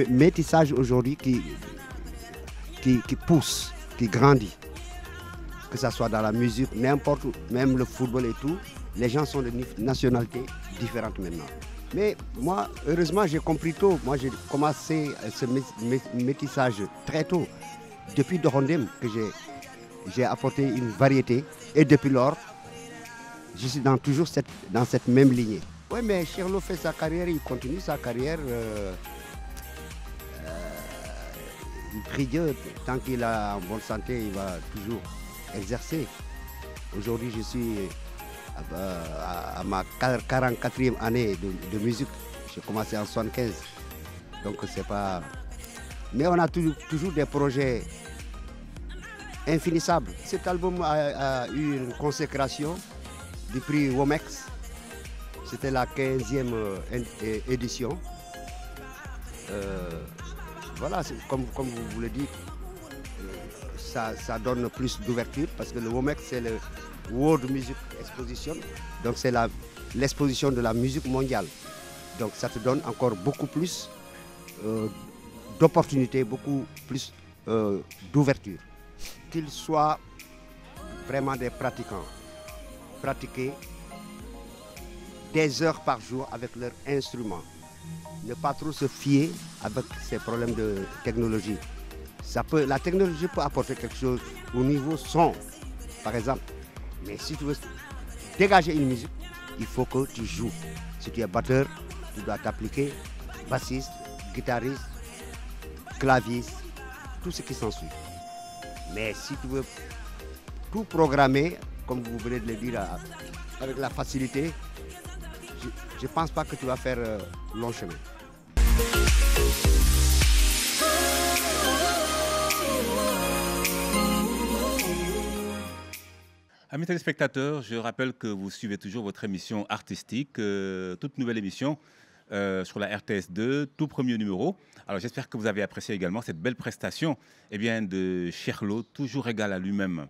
métissage aujourd'hui qui, qui, pousse, qui grandit. Que ce soit dans la musique, n'importe où, même le football et tout, les gens sont de nationalités différentes maintenant. Mais moi, heureusement, j'ai compris tôt. Moi, j'ai commencé ce métissage très tôt. Depuis Dorondem, que j'ai apporté une variété. Et depuis lors, je suis dans, toujours cette, dans cette même lignée. Oui, mais Chirlo fait sa carrière, il continue sa carrière. Euh, euh, il prie Dieu, tant qu'il est en bonne santé, il va toujours exercer. Aujourd'hui, je suis à, ma 44e année de, musique. J'ai commencé en 75. Donc c'est pas. Mais on a toujours, des projets infinissables. Cet album a, eu une consécration du prix Womex. C'était la 15e euh, édition. Euh, voilà, comme, vous, vous le dites, euh, ça donne plus d'ouverture parce que le Womex, c'est le, World Music Exposition. Donc c'est l'exposition de la musique mondiale. Donc ça te donne encore beaucoup plus euh, d'opportunités, beaucoup plus euh, d'ouverture. Qu'ils soient vraiment des pratiquants, pratiquer des heures par jour avec leurs instruments Ne pas trop se fier avec ces problèmes de technologie. Ça peut, la technologie peut apporter quelque chose au niveau son. Par exemple, mais si tu veux dégager une musique, il faut que tu joues. Si tu es batteur, tu dois t'appliquer, bassiste, guitariste, claviste, tout ce qui s'ensuit. Mais si tu veux tout programmer, comme vous venez de le dire, avec la facilité, je ne pense pas que tu vas faire euh, long chemin. Amis téléspectateurs, je rappelle que vous suivez toujours votre émission artistique, euh, toute nouvelle émission euh, sur la RTS2, tout premier numéro. Alors j'espère que vous avez apprécié également cette belle prestation et eh bien, de Cherlo, toujours égal à lui-même.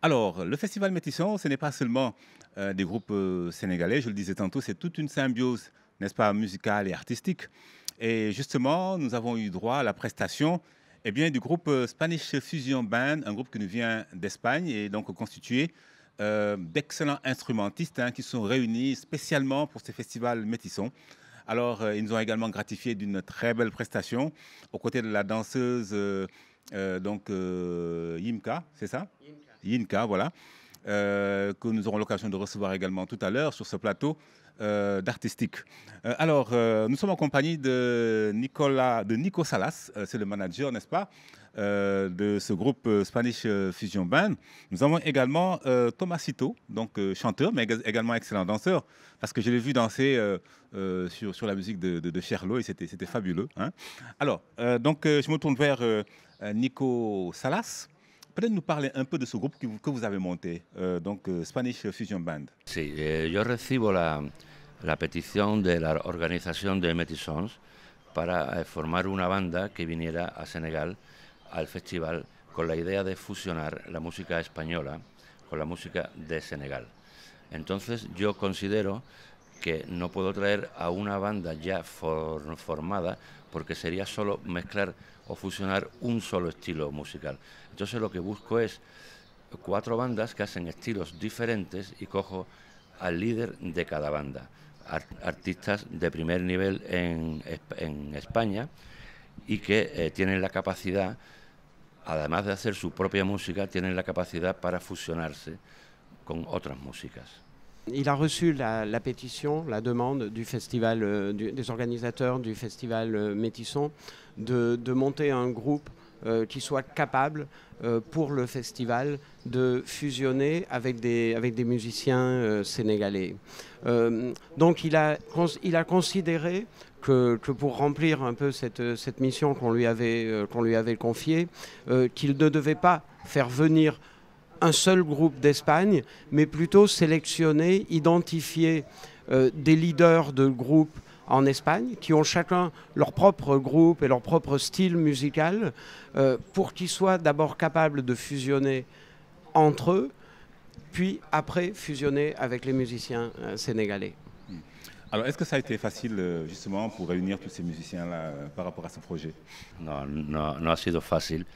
Alors, le Festival Métisson, ce n'est pas seulement euh, des groupes sénégalais, je le disais tantôt, c'est toute une symbiose, n'est-ce pas, musicale et artistique. Et justement, nous avons eu droit à la prestation et eh bien, du groupe Spanish Fusion Band, un groupe qui nous vient d'Espagne et donc constitué euh, d'excellents instrumentistes hein, qui sont réunis spécialement pour ce festival Métisson. Alors, euh, ils nous ont également gratifié d'une très belle prestation aux côtés de la danseuse euh, donc Yimka, c'est ça Yimka. voilà, que nous aurons l'occasion de recevoir également tout à l'heure sur ce plateau. d'artistique. alors, nous sommes en compagnie de, de Nico Salas, c'est le manager, n'est-ce pas euh, de ce groupe euh, Spanish euh, Fusion Band. Nous avons également Thomas Cito, donc chanteur, mais également excellent danseur, parce que je l'ai vu danser sur, la musique de, de, et c'était fabuleux. Hein. Alors, donc, je me tourne vers Nico Salas. Peut-être nous parler un peu de ce groupe que vous, avez monté, donc Spanish Fusion Band. Si je eh, recibo la, la de l'organisation de Métisons para eh, formar una banda que viniera a Sénégal al festival con la idea de fusionar la música española con la música de Senegal. Entonces yo considero que no puedo traer a una banda ya formada porque sería solo mezclar o fusionar un solo estilo musical. Entonces lo que busco es cuatro bandas que hacen estilos diferentes y cojo al líder de cada banda, artistas de primer nivel en, España y que eh, tienen la capacidad además de sa propre propia música, tienen la capacité para fusionner con otras musiques. Il a reçu la, pétition, la demande du festival, euh, des organisateurs du festival euh, Métisson de, monter un groupe euh, qui soit capable pour le festival de fusionner avec des, avec des musiciens sénégalais. donc il a, il a considéré que, pour remplir un peu cette, mission qu'on lui avait, euh, qu'on lui avait confiée, euh, qu'il ne devait pas faire venir un seul groupe d'Espagne, mais plutôt sélectionner, identifier euh, des leaders de groupes en Espagne, qui ont chacun leur propre groupe et leur propre style musical, pour qu'ils soient d'abord capables de fusionner entre eux, puis après fusionner avec les musiciens sénégalais. ¿Es que ha sido fácil justamente para reunir a euh, todos estos musiciens-là euh, par rapport à no, no, ha sido fácil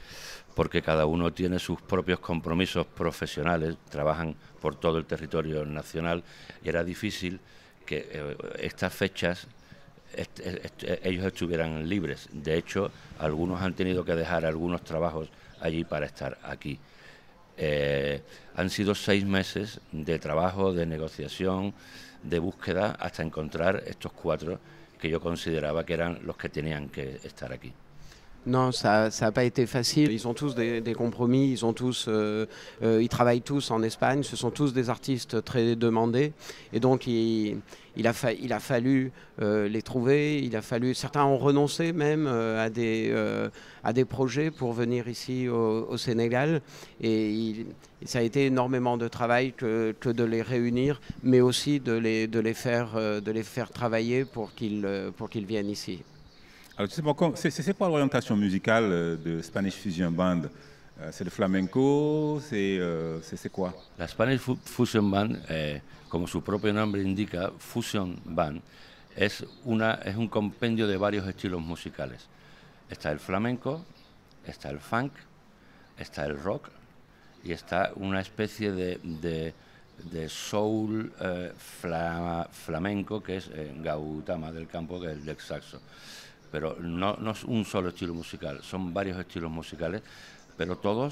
porque cada uno tiene sus propios compromisos profesionales, trabajan por todo el territorio nacional y era difícil que eh, estas fechas ellos estuvieran libres. De hecho, algunos han tenido que dejar algunos trabajos allí para estar aquí. Eh, han sido seis meses de trabajo, de negociación, de búsqueda hasta encontrar estos cuatro que yo consideraba que eran los que tenían que estar aquí. Non, ça n'a pas été facile. Ils ont tous des, compromis, ils, ont tous, euh, euh, ils travaillent tous en Espagne, ce sont tous des artistes très demandés. Et donc, il, a, fallu euh, les trouver, il a fallu, certains ont renoncé même à, des, à des projets pour venir ici au, Sénégal. Et ça a été énormément de travail que, de les réunir, mais aussi de les, faire, de les faire travailler pour qu'ils viennent ici. Alors es c'est quoi l'orientation musicale euh, de Spanish Fusion Band euh, ¿C'est el flamenco? ¿C'est euh, quoi La Spanish Fusion Band, eh, como su propio nombre indica, Fusion Band, es, una, es un compendio de varios estilos musicales. Está el flamenco, está el funk, está el rock y está una especie de, de, soul eh, flamenco que es eh, Gautama del campo, que es el saxo. Mais no, un seul style musical, sont varios styles musicales, mais tous ont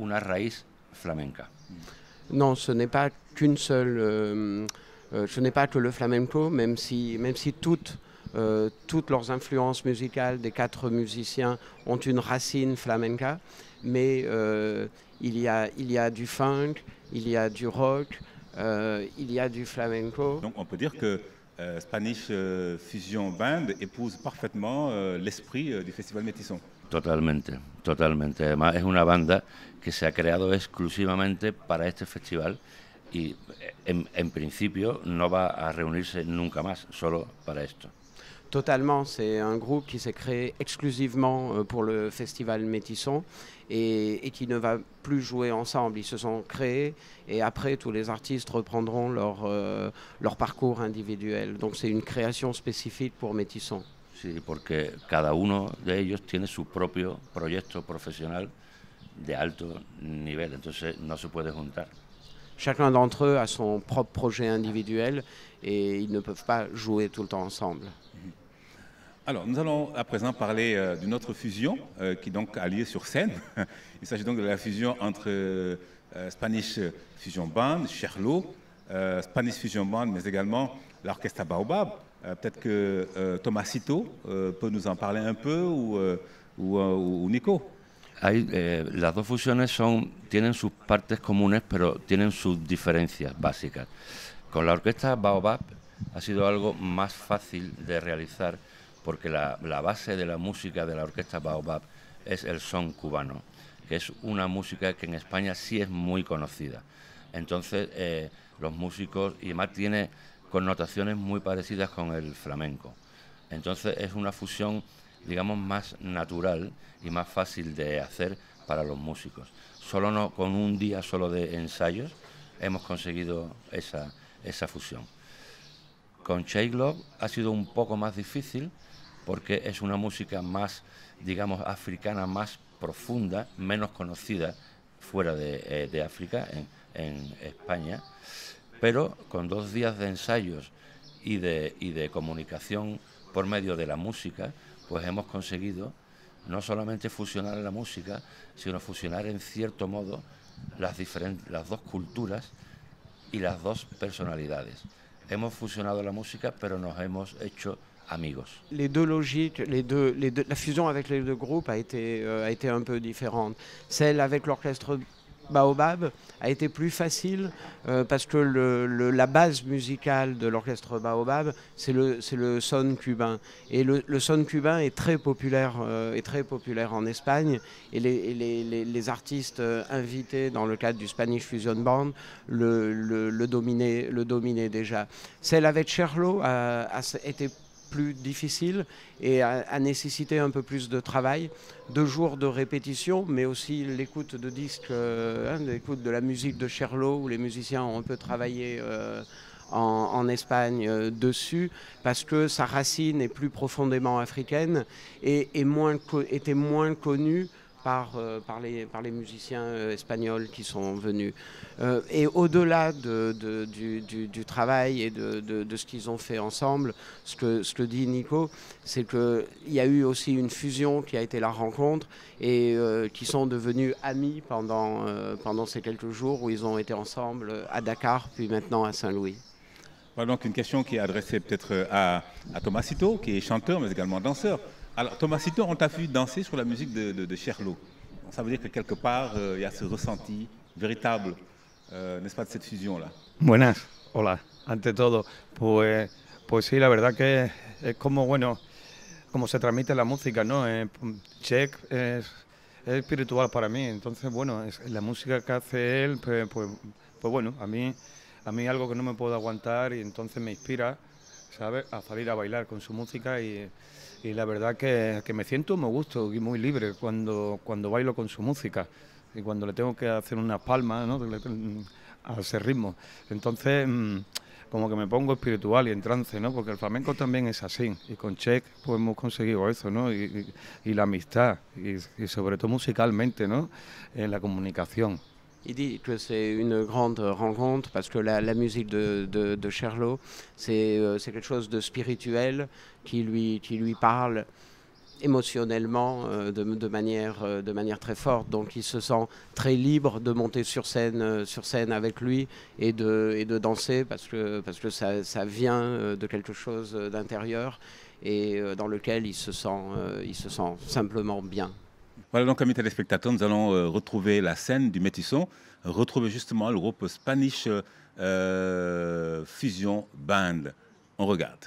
une raíz flamenca. Non, ce n'est pas qu'une seule, euh, euh, ce n'est pas que le flamenco, même si, même si toutes, euh, toutes leurs influences musicales des quatre musiciens ont une racine flamenca, mais il, y a, il y a du funk, il y a du rock, il y a du flamenco. Donc on peut dire que Euh, Spanish euh, Fusion Band épouse parfaitement euh, l'esprit du Festival Métisson. Totalmente, totalmente. Además es una banda que se ha creado exclusivamente para este festival y eh, en principio no va a reunirse nunca más, solo para esto. Totalement, c'est un groupe qui s'est créé exclusivement euh, pour le festival Métisson et, qui ne va plus jouer ensemble. Ils se sont créés et après tous les artistes reprendront leur, euh, parcours individuel. Donc c'est une création spécifique pour Métisson. Oui, parce que chacun d'entre eux a son propre projet professionnel de alto nivel, entonces no se puede juntar. Chacun d'entre eux a son propre projet individuel et ils ne peuvent pas jouer tout le temps ensemble. Alors, nous allons à présent parler euh, d'une autre fusion euh, qui donc a lieu sur scène. Il s'agit donc de la fusion entre euh, Spanish Fusion Band, Cherlo, Spanish Fusion Band, mais également l'Orchestre Baobab. Peut-être que Thomas peut nous en parler un peu ou, ou, Nico. Eh, Les deux fusions ont fusiones son, tienen sus partes comunes, pero tienen sus diferencias básicas. Con la orquesta Baobab ha sido algo más fácil de realizar porque la, base de la música de la orquesta Baobab es el son cubano, que es una música que en España sí es muy conocida. Entonces, eh, los músicos, y además tiene connotaciones muy parecidas con el flamenco. Entonces, es una fusión, digamos, más natural y más fácil de hacer para los músicos. Solo no, con un día solo de ensayos hemos conseguido esa, esa fusión. Con Shake Love ha sido un poco más difícil porque es una música más, digamos, africana, más profunda, menos conocida fuera de, eh, África, en, España, pero con dos días de ensayos y de, de comunicación por medio de la música, pues hemos conseguido no solamente fusionar la música, sino fusionar en cierto modo las, las dos culturas y las dos personalidades. Hemos fusionado la música, pero nos hemos hecho Les deux logiques, la fusion avec les deux groupes euh, a été, un peu différente. Celle avec l'orchestre Baobab a été plus facile euh, parce que la base musicale de l'orchestre Baobab, c'est le, son cubain. Et le, son cubain euh, est très populaire, en Espagne. Et les, artistes invités dans le cadre du Spanish Fusion Band le, dominaient, déjà. Celle avec Cherlo a, a été plus difficile et a, nécessité un peu plus de travail, deux jours de répétition, mais aussi l'écoute de disques, euh, hein, l'écoute de la musique de Sherlock où les musiciens ont un peu travaillé. Euh, en, Espagne euh, dessus parce que sa racine est plus profondément africaine et, était moins connue par, euh, par, les, par les musiciens euh, espagnols qui sont venus. Euh, et au-delà de, du, travail et de, ce qu'ils ont fait ensemble, ce que, ce que dit Nico, c'est qu'il y a eu aussi une fusion qui a été la rencontre et qui sont devenus amis pendant, pendant ces quelques jours où ils ont été ensemble à Dakar, puis maintenant à Saint-Louis. Voilà donc une question qui est adressée peut-être à, à Tomasito, qui est chanteur mais également danseur. Alors, Thomas toi on t'a vu danser sur la musique de, de, Sherlock. Ça veut dire que quelque part, euh, il y a ce ressenti véritable, euh, n'est-ce pas, de cette fusion-là Buenas, hola, ante todo. Pues, pues sí, la verdad que es como, bueno, como se transmite la música, ¿no? Chek eh, Check es, es, espiritual para mí, entonces, bueno, es, la música que hace él, pues, pues, pues, bueno, a mí, a mí algo que no me puedo aguantar y entonces me inspira, ¿sabes?, a salir a bailar con su música y. y la verdad que, me siento muy gusto y muy libre cuando, cuando bailo con su música y cuando le tengo que hacer unas palmas a ese ritmo. Entonces, mm, como que me pongo espiritual y en trance, ¿no? porque el flamenco también es así y con Check pues, hemos conseguido eso, ¿no? y, la amistad y, sobre todo musicalmente, ¿no? la comunicación. Il dit que c'est une grande rencontre parce que la, musique de, de, Sherlock, euh, c'est quelque chose de spirituel qui lui, qui lui parle émotionnellement euh, de, de, manière, euh, de manière très forte. Donc il se sent très libre de monter sur scène, sur scène avec lui et de, et de danser parce que, parce que ça, vient de quelque chose d'intérieur et dans lequel il se, sent, il se sent simplement bien. Voilà, donc, amis téléspectateurs, nous allons euh, retrouver la scène du Métisson, retrouver justement le groupe Spanish euh, euh, Fusion Band. On regarde.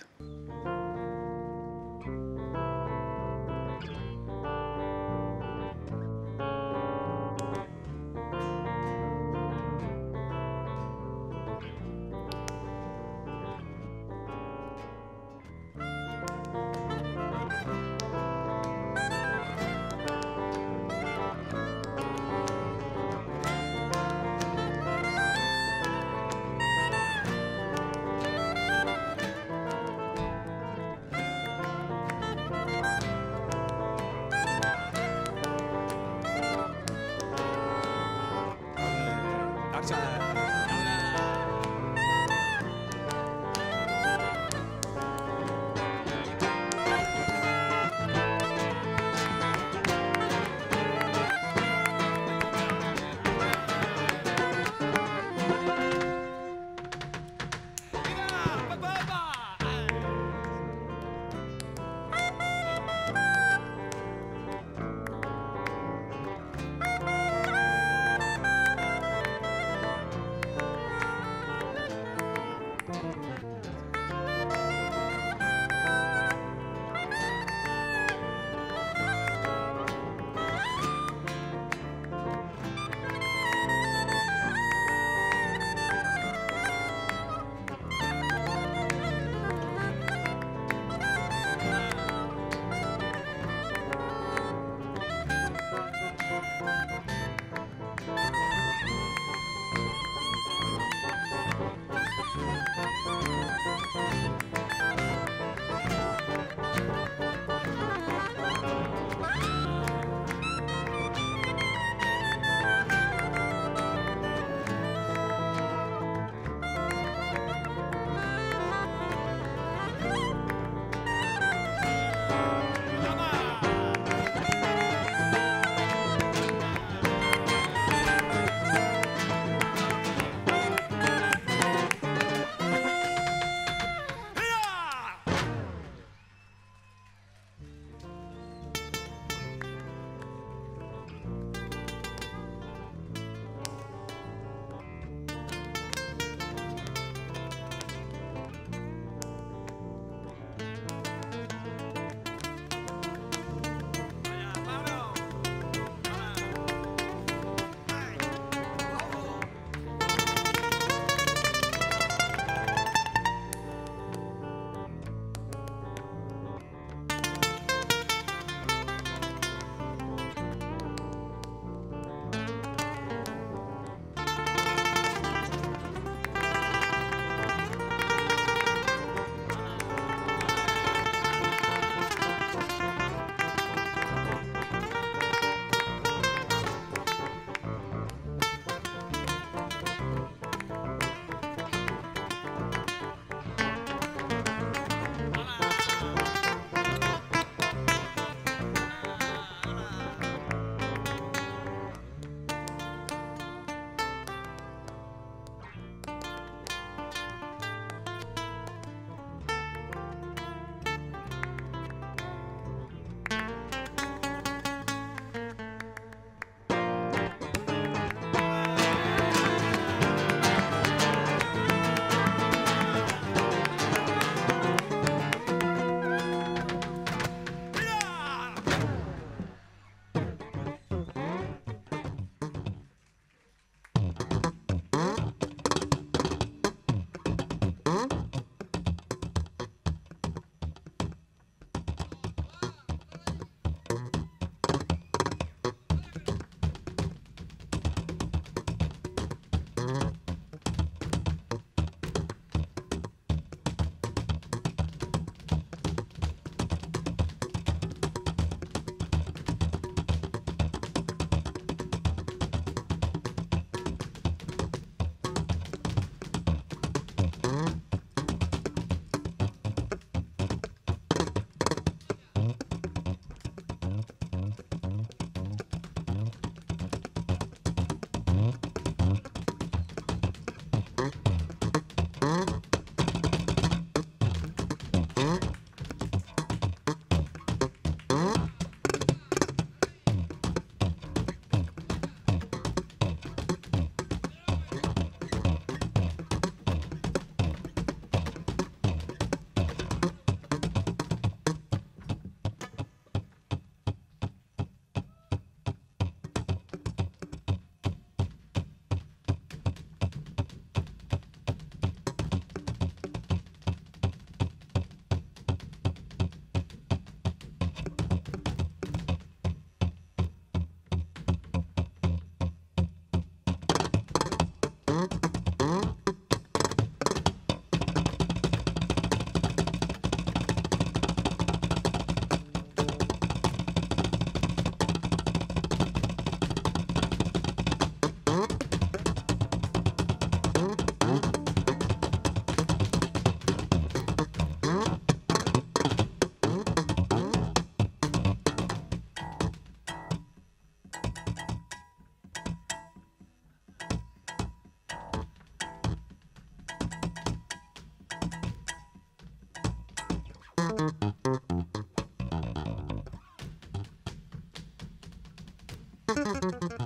Thank you.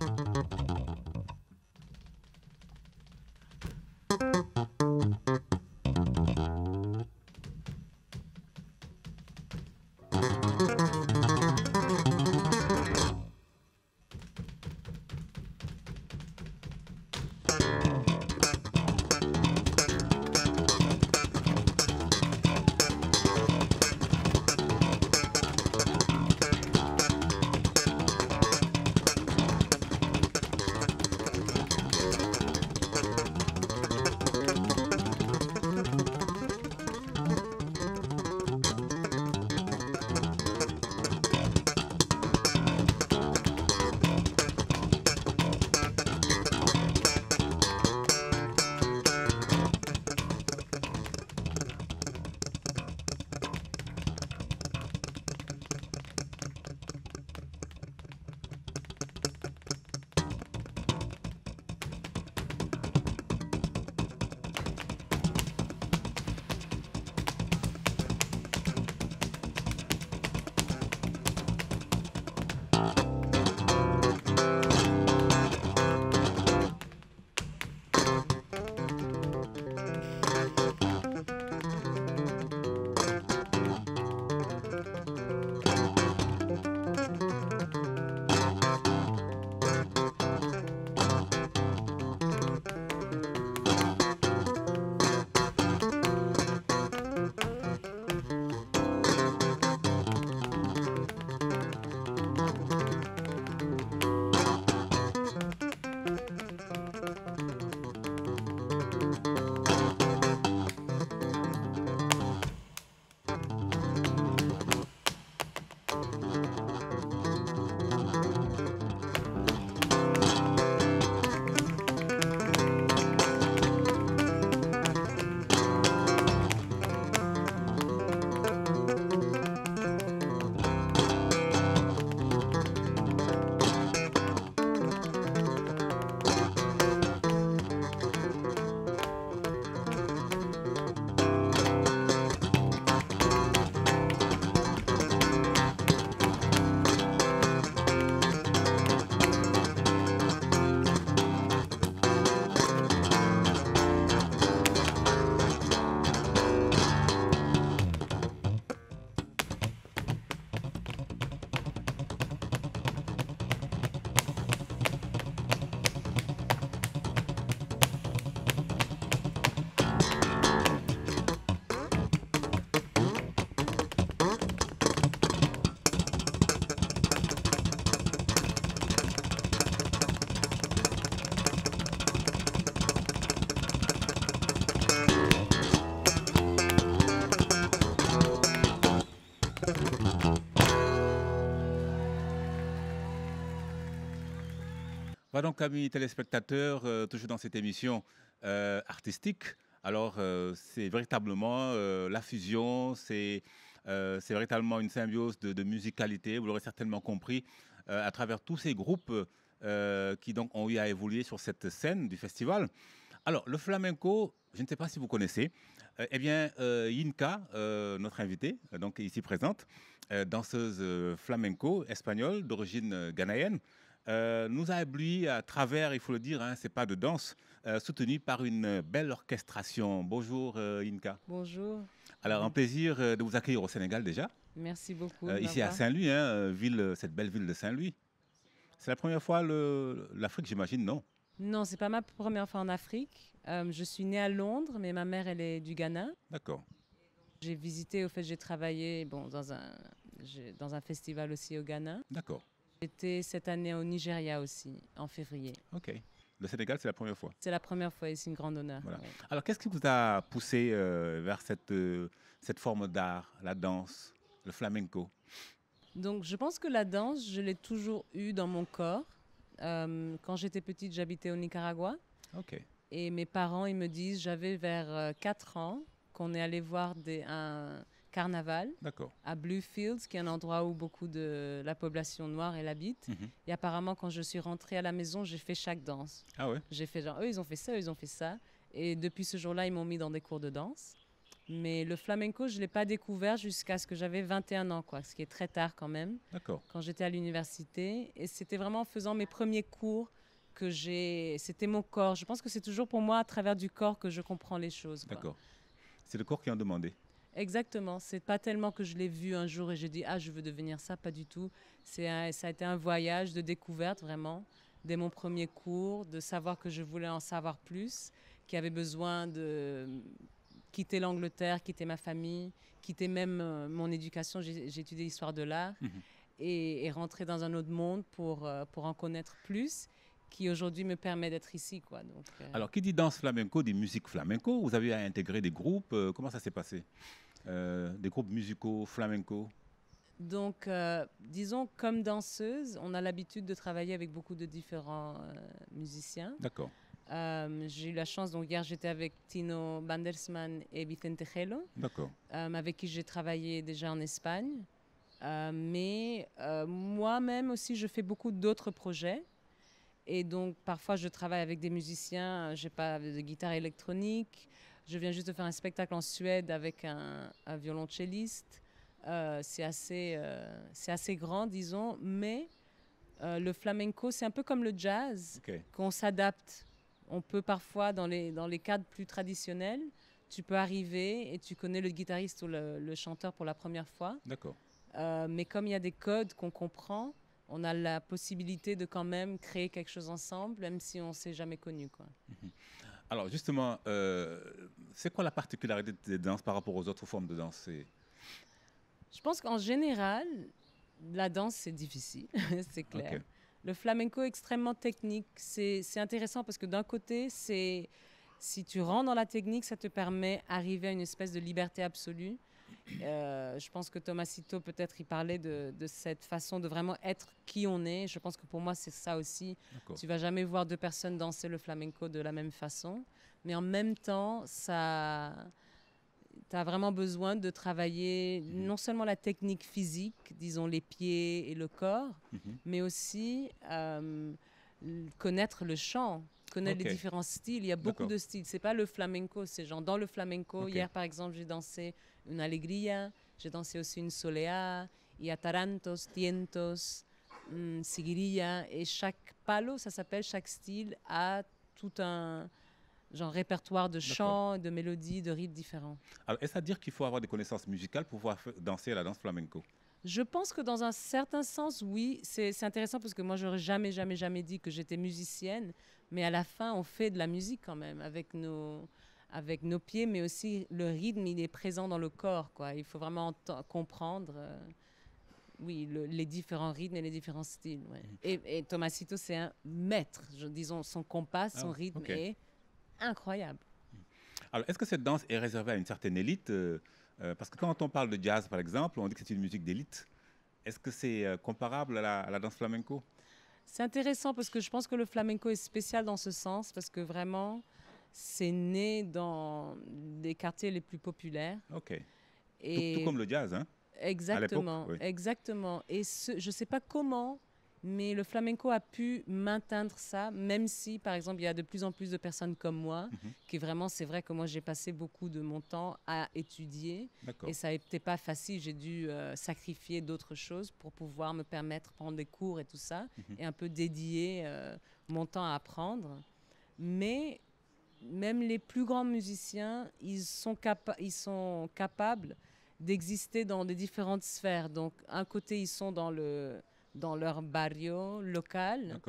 Voilà bah donc, amis téléspectateurs, euh, toujours dans cette émission euh, artistique. Alors, euh, c'est véritablement la fusion, c'est véritablement une symbiose de, musicalité, vous l'aurez certainement compris, à travers tous ces groupes qui donc ont eu à évoluer sur cette scène du festival. Alors, le flamenco, je ne sais pas si vous connaissez, eh bien, Yinka, notre invitée, donc ici présente, danseuse flamenco espagnole d'origine ghanéenne, euh, nous a ébloui à travers, il faut le dire, hein, c'est pas de danse, euh, soutenu par une belle orchestration. Bonjour euh, Inka. Bonjour. Alors un plaisir euh, de vous accueillir au Sénégal déjà. Merci beaucoup. ici à Saint-Louis, hein, ville, cette belle ville de Saint-Louis. C'est la première fois l'Afrique, j'imagine, non non, c'est pas ma première fois en Afrique. je suis née à Londres, mais ma mère, elle est du Ghana. D'accord. J'ai visité, au fait, j'ai travaillé bon, dans, un, dans un festival aussi au Ghana. D'accord. J'étais cette année au Nigeria aussi, en février. Ok. Le Sénégal, c'est la première fois. C'est la première fois et c'est une grande honneur. Alors, qu'est-ce qui vous a poussé euh, vers cette, euh, cette forme d'art, la danse, le flamenco Donc, je pense que la danse, je l'ai toujours eue dans mon corps. Euh, quand j'étais petite, j'habitais au Nicaragua. Ok. Et mes parents, ils me disent, j'avais vers 4 ans, qu'on est allé voir des, un, Carnaval, à Bluefields, qui est un endroit où beaucoup de la population noire elle habite. Mhm. Et apparemment, quand je suis rentrée à la maison, j'ai fait chaque danse. Ah ouais J'ai fait genre, eux, ils ont fait ça, eux, ils ont fait ça. Et depuis ce jour-là, ils m'ont mis dans des cours de danse. Mais le flamenco, je ne l'ai pas découvert jusqu'à ce que j'avais 21 ans, quoi, ce qui est très tard quand même, quand j'étais à l'université. Et c'était vraiment en faisant mes premiers cours que j'ai... C'était mon corps. Je pense que c'est toujours pour moi à travers du corps que je comprends les choses. D'accord. C'est le corps qui en demandait. Exactement. C'est pas tellement que je l'ai vu un jour et j'ai dit ah je veux devenir ça, pas du tout. C'est ça a été un voyage de découverte vraiment dès mon premier cours, de savoir que je voulais en savoir plus, qu'il y avait besoin de quitter l'Angleterre, quitter ma famille, quitter même euh, mon éducation. J'ai étudié l'histoire de l'art mhm. et, et, rentrer dans un autre monde pour, euh, pour en connaître plus qui aujourd'hui me permet d'être ici. Quoi. Euh. Alors, qui dit danse flamenco, dit musique flamenco, vous avez intégré des groupes. Euh, comment ça s'est passé euh, Des groupes musicaux flamenco donc, disons, comme danseuse, on a l'habitude de travailler avec beaucoup de différents musiciens. D'accord. j'ai eu la chance, donc hier j'étais avec Tino Bandersman et Vicente Gelo. D'accord. avec qui j'ai travaillé déjà en Espagne. mais moi-même aussi, je fais beaucoup d'autres projets. Et donc, parfois, je travaille avec des musiciens. Euh, je n'ai pas de guitare électronique. Je viens juste de faire un spectacle en Suède avec un, un violoncelliste. Euh, c'est assez, euh, c'est assez grand, disons, mais le flamenco, c'est un peu comme le jazz, qu'on s'adapte. On peut parfois, dans les, dans les cadres plus traditionnels, tu peux arriver et tu connais le guitariste ou le, le chanteur pour la première fois. D'accord. mais comme il y a des codes qu'on comprend, on a la possibilité de quand même créer quelque chose ensemble, même si on ne s'est jamais connu. Alors justement, euh, c'est quoi la particularité des danses par rapport aux autres formes de danse Je pense qu'en général, la danse, c'est difficile, c'est clair. Le flamenco est extrêmement technique. C'est intéressant parce que d'un côté, si tu rentres dans la technique, ça te permet d'arriver à une espèce de liberté absolue. Euh, je pense que Thomas Sito, peut-être, il parlait de, cette façon de vraiment être qui on est. Je pense que pour moi, c'est ça aussi. Tu vas jamais voir deux personnes danser le flamenco de la même façon. Mais en même temps, ça. Tu as vraiment besoin de travailler mhm. non seulement la technique physique, disons les pieds et le corps, mhm. mais aussi euh, connaître le chant, connaître les différents styles. Il y a beaucoup de styles. C'est pas le flamenco, c'est genre dans le flamenco. Hier, par exemple, j'ai dansé une alegría. J'ai dansé aussi une solea, il y a tarantos, tientos, um, Et chaque palo, ça s'appelle, chaque style a tout un genre répertoire de chants, de mélodies, de rythmes différents. Alors, est-ce à dire qu'il faut avoir des connaissances musicales pour pouvoir danser la danse flamenco je pense que dans un certain sens, oui, c'est intéressant parce que moi, j'aurais jamais, jamais, jamais dit que j'étais musicienne, mais à la fin, on fait de la musique quand même avec nos, avec nos pieds, mais aussi le rythme, il est présent dans le corps. Quoi. Il faut vraiment comprendre euh, oui, les différents rythmes et les différents styles. Mhm. Et, et Tomasito, c'est un maître. disons, son compas, ah son rythme est incroyable. Mhm. Alors, est-ce que cette danse est réservée à une certaine élite euh, euh, Parce que quand on parle de jazz, par exemple, on dit que c'est une musique d'élite. Est-ce que c'est comparable à la, danse flamenco C'est intéressant parce que je pense que le flamenco est spécial dans ce sens, parce que vraiment, c'est né dans des quartiers les plus populaires. Ok. tout, comme le jazz, hein Exactement, exactement. Et ce, je ne sais pas comment, mais le flamenco a pu maintenir ça, même si, par exemple, il y a de plus en plus de personnes comme moi, mhm. qui vraiment, c'est vrai que moi, j'ai passé beaucoup de mon temps à étudier, et ça n'était pas facile. J'ai dû euh, sacrifier d'autres choses pour pouvoir me permettre de prendre des cours et tout ça, mhm. et un peu dédier euh, mon temps à apprendre. Mais même les plus grands musiciens, ils sont, ils sont capables d'exister dans des différentes sphères. Donc, un côté, ils sont dans, le, dans leur barrio local,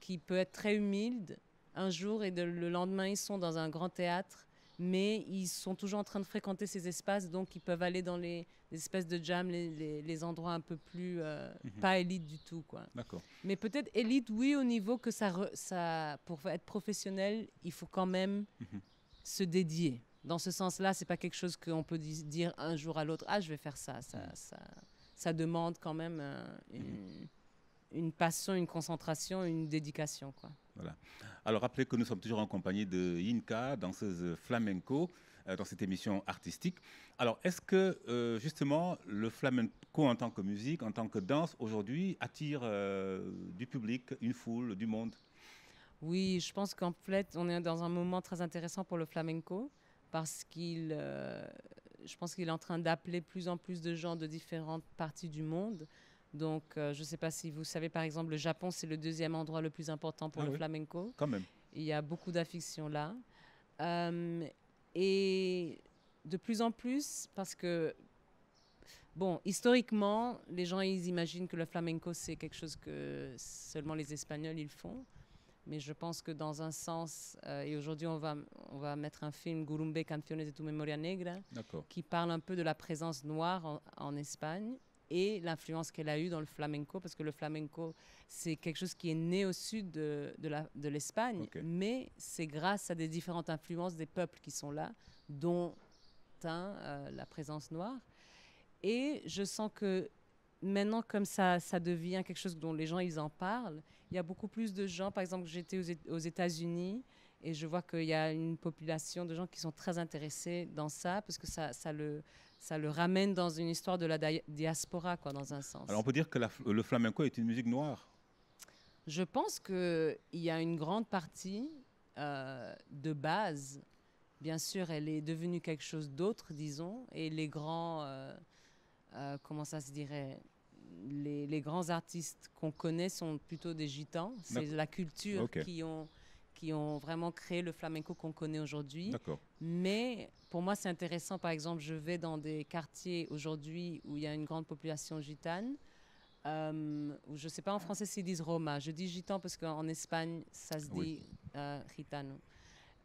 qui peut être très humide un jour, et le lendemain, ils sont dans un grand théâtre mais ils sont toujours en train de fréquenter ces espaces, donc ils peuvent aller dans les, espèces de jams, les, endroits un peu plus euh, mhm. pas élite du tout, quoi. D'accord. Mais peut-être élite, oui, au niveau que ça, ça, pour être professionnel, il faut quand même mhm. se dédier. Dans ce sens-là, c'est pas quelque chose qu'on peut dire un jour à l'autre. Ah, je vais faire ça. Ça, mhm. ça, ça demande quand même euh, une une passion, une concentration, une dédication. Voilà. Alors rappelez que nous sommes toujours en compagnie de Yinka, danseuse flamenco, euh, dans cette émission artistique. Alors est-ce que euh, justement le flamenco en tant que musique, en tant que danse, aujourd'hui attire euh, du public, une foule, du monde Oui, je pense qu'en fait on est dans un moment très intéressant pour le flamenco parce qu'il, je pense qu'il est en train d'appeler plus en plus de gens de différentes parties du monde. Donc, euh, je ne sais pas si vous savez, par exemple, le Japon, c'est le deuxième endroit le plus important pour ah le flamenco. Quand même. Il y a beaucoup d'affection là. Euh, et de plus en plus, parce que, bon, historiquement, les gens, ils imaginent que le flamenco, c'est quelque chose que seulement les Espagnols, ils font. Mais je pense que dans un sens, euh, et aujourd'hui on va, mettre un film, Gurumbe Canciones de tu Memoria Negra, qui parle un peu de la présence noire en Espagne et l'influence qu'elle a eue dans le flamenco, parce que le flamenco, c'est quelque chose qui est né au sud de, de l'Espagne, mais c'est grâce à des différentes influences des peuples qui sont là, dont euh, la présence noire. Et je sens que maintenant, comme ça, ça devient quelque chose dont les gens, ils en parlent, il y a beaucoup plus de gens, par exemple, j'étais aux États-Unis, et je vois qu'il y a une population de gens qui sont très intéressés dans ça, parce que ça, ça, le, ça le ramène dans une histoire de la diaspora, quoi, dans un sens. Alors on peut dire que le flamenco est une musique noire Je pense qu'il y a une grande partie euh, de base. Bien sûr, elle est devenue quelque chose d'autre, disons, et les grands, euh, euh, comment ça se dirait, les, grands artistes qu'on connaît sont plutôt des gitans. C'est la culture qui ont qui ont vraiment créé le flamenco qu'on connaît aujourd'hui. Mais pour moi, c'est intéressant. Par exemple, je vais dans des quartiers aujourd'hui où il y a une grande population gitane. Euh, je ne sais pas en français s'ils disent Roma. Je dis gitan parce qu'en Espagne, ça se dit euh, gitano.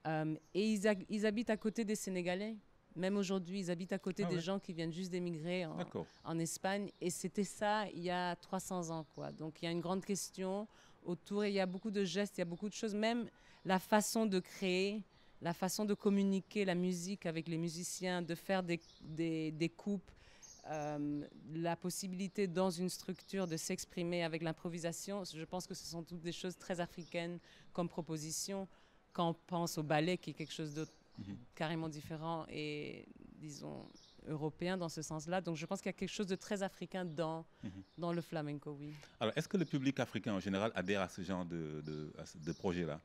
Euh, et ils, habitent à côté des Sénégalais. Même aujourd'hui, ils habitent à côté ah des gens qui viennent juste d'émigrer en, Espagne. Et c'était ça il y a 300 ans. Quoi. Donc il y a une grande question autour. Et il y a beaucoup de gestes, il y a beaucoup de choses, même la façon de créer, la façon de communiquer la musique avec les musiciens, de faire des, des, des coupes, euh, la possibilité dans une structure de s'exprimer avec l'improvisation. Je pense que ce sont toutes des choses très africaines comme proposition quand on pense au ballet qui est quelque chose de mhm. carrément différent et disons européen dans ce sens-là. Donc je pense qu'il y a quelque chose de très africain dans, mhm. dans le flamenco, oui. Alors est-ce que le public africain en général adhère à ce genre de, de, de projet-là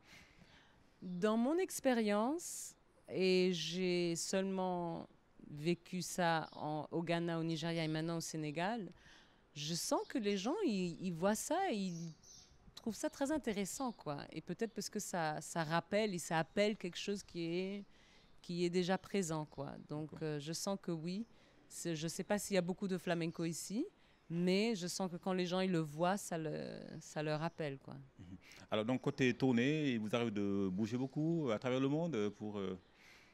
Dans mon expérience, et j'ai seulement vécu ça au Ghana, au Nigeria et maintenant au Sénégal, je sens que les gens, ils, voient ça et ils trouvent ça très intéressant, quoi. Et peut-être parce que ça, ça rappelle et ça appelle quelque chose qui est qui est déjà présent. Quoi. Donc euh, je sens que oui, je ne sais pas s'il y a beaucoup de flamenco ici, mais je sens que quand les gens ils le voient, ça le, ça leur rappelle. Quoi. Mhm. Alors donc côté tournée, il vous arrive de bouger beaucoup à travers le monde euh, pour... Euh,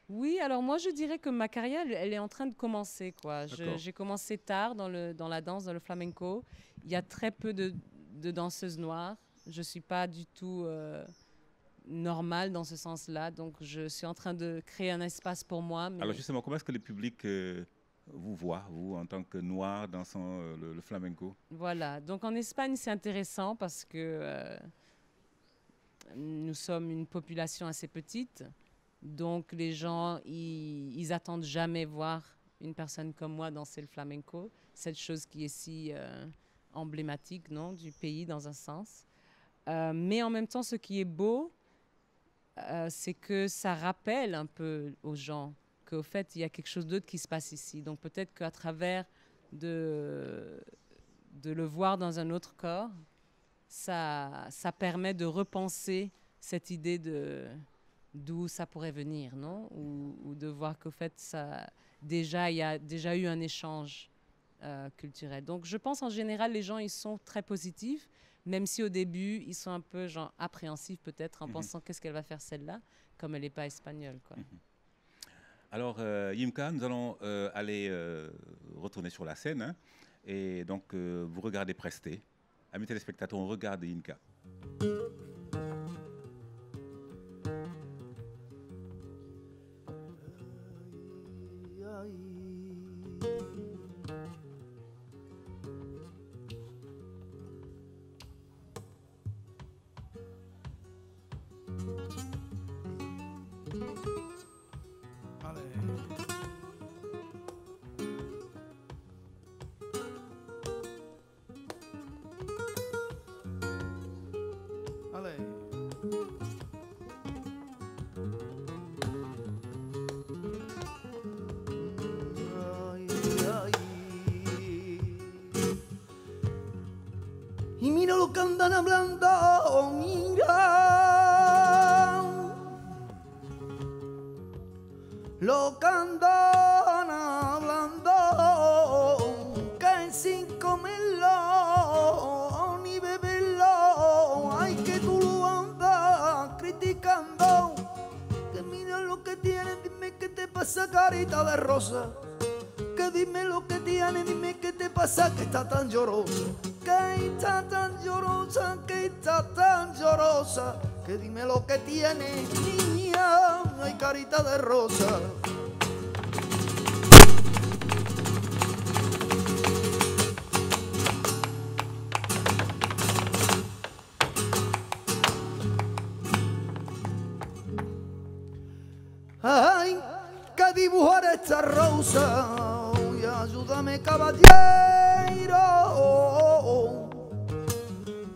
oui, alors moi je dirais que ma carrière, elle est en train de commencer. quoi. J'ai commencé tard dans, le, dans la danse, dans le flamenco. Il y a très peu de, danseuses noires. Je ne suis pas du tout normal dans ce sens-là. Donc, je suis en train de créer un espace pour moi. Alors, justement, comment est-ce que le public euh, vous voit, vous, en tant que noir, dansant euh, le, flamenco Voilà. Donc, en Espagne, c'est intéressant parce que euh, nous sommes une population assez petite. Donc, les gens, ils, ils attendent jamais voir une personne comme moi danser le flamenco, cette chose qui est si emblématique, non, du pays dans un sens. mais en même temps, ce qui est beau, euh, c'est que ça rappelle un peu aux gens qu'au fait, il y a quelque chose d'autre qui se passe ici. Donc peut-être qu'à travers de, le voir dans un autre corps, ça, ça permet de repenser cette idée de d'où ça pourrait venir, non ou, de voir qu'au fait, ça, déjà, il y a déjà eu un échange euh, culturel. Donc je pense en général, les gens, ils sont très positifs même si au début, ils sont un peu genre, appréhensifs peut-être en mhm. pensant qu'est-ce qu'elle va faire celle-là, comme elle n'est pas espagnole. Quoi. Mhm. Alors, euh, Yimka, nous allons euh, aller euh, retourner sur la scène. Hein. et donc, euh, vous regardez Presté. Amis téléspectateurs, on regarde Yimka.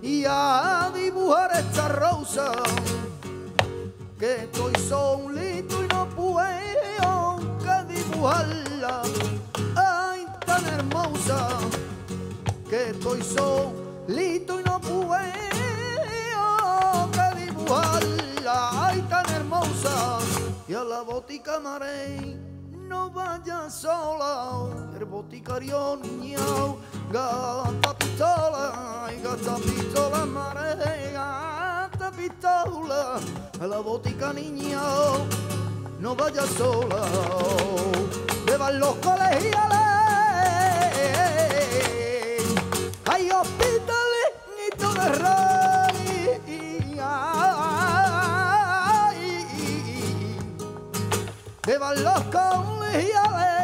y a dibujar esta rosa que estoy solito y no puedo que dibujarla ay tan hermosa que estoy solito y no puedo que dibujarla ay tan hermosa y a la botica amaré no vayas sola, el boticario niño, gata pistola, gata pistola, mare, gata pistola, la botica niño, no vayas sola, beban los colegiales, hay hospitales ni todo el de los colegiales.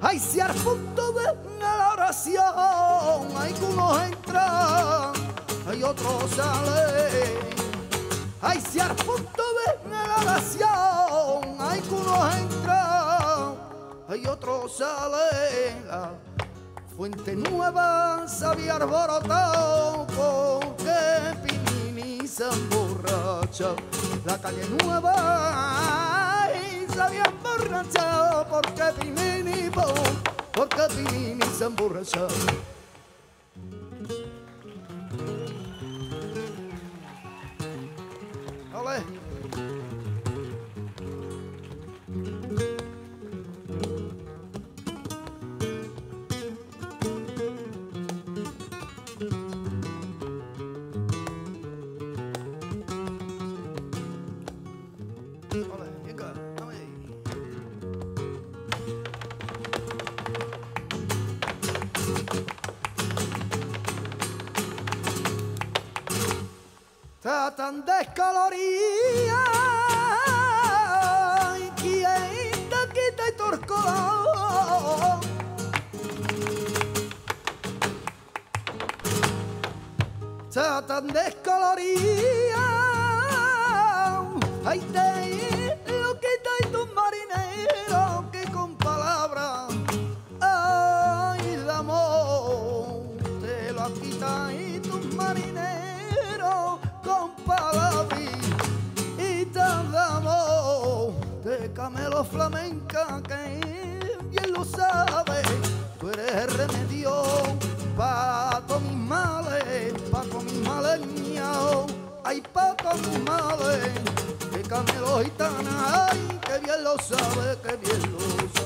Ay, si al punto de la oración, algunos entran hay otros salen. Ay, si al punto de la oración, algunos entran hay otros salen. fuente nueva sabía arborotado con y se emborracha. La calle nueva y se había emborrachado porque Pinini, porque Pinini se emborrachó. Olé. está tan descolorida. Y quien quita y torcó. Está tan descolorida. Ay, te flamenca que bien lo sabe, tú eres el remedio pa' todos mis males, pa' todos mis males míos, ay pa' con mis males, que camelo gitana, ay que bien lo sabe, que bien lo sabe.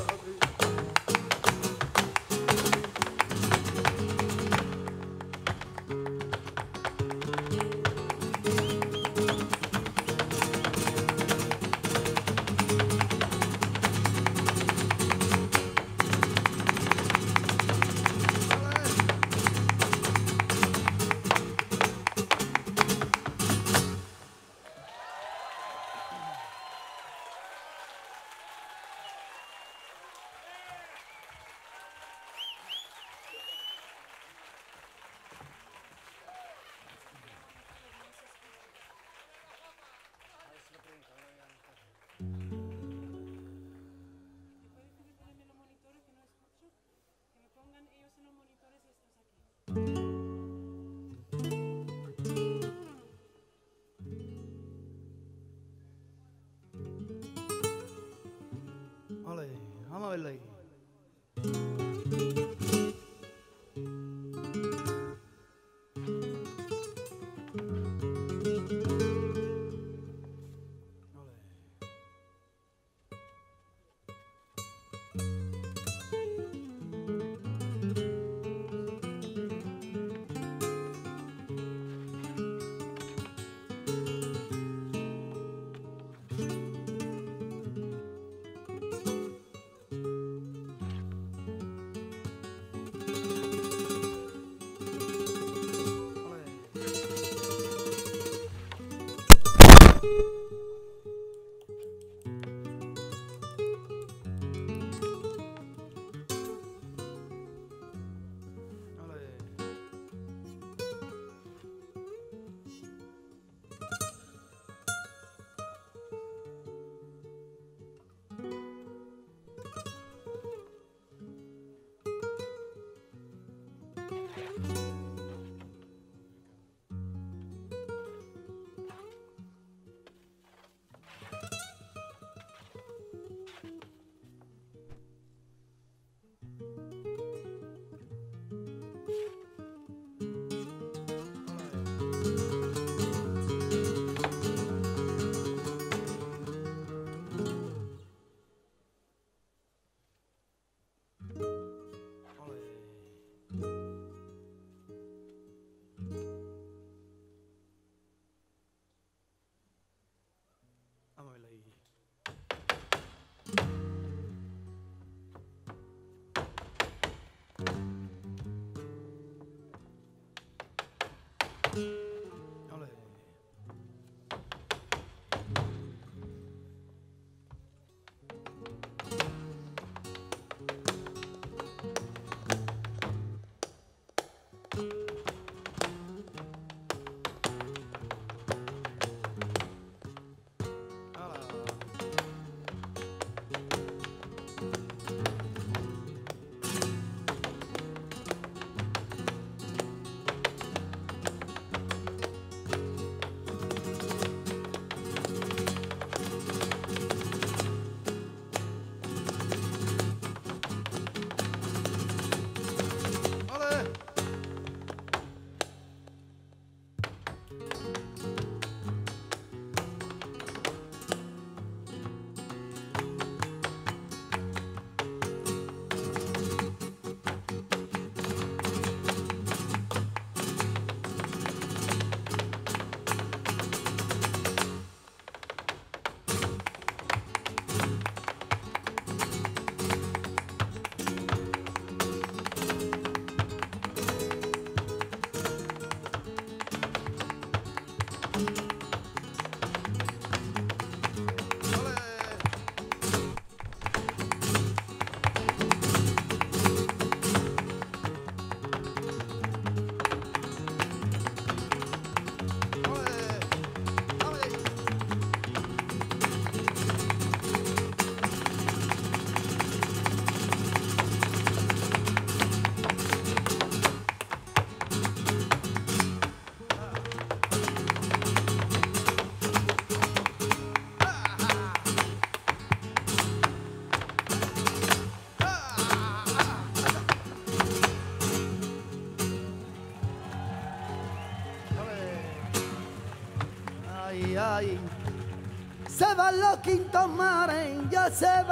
Seven.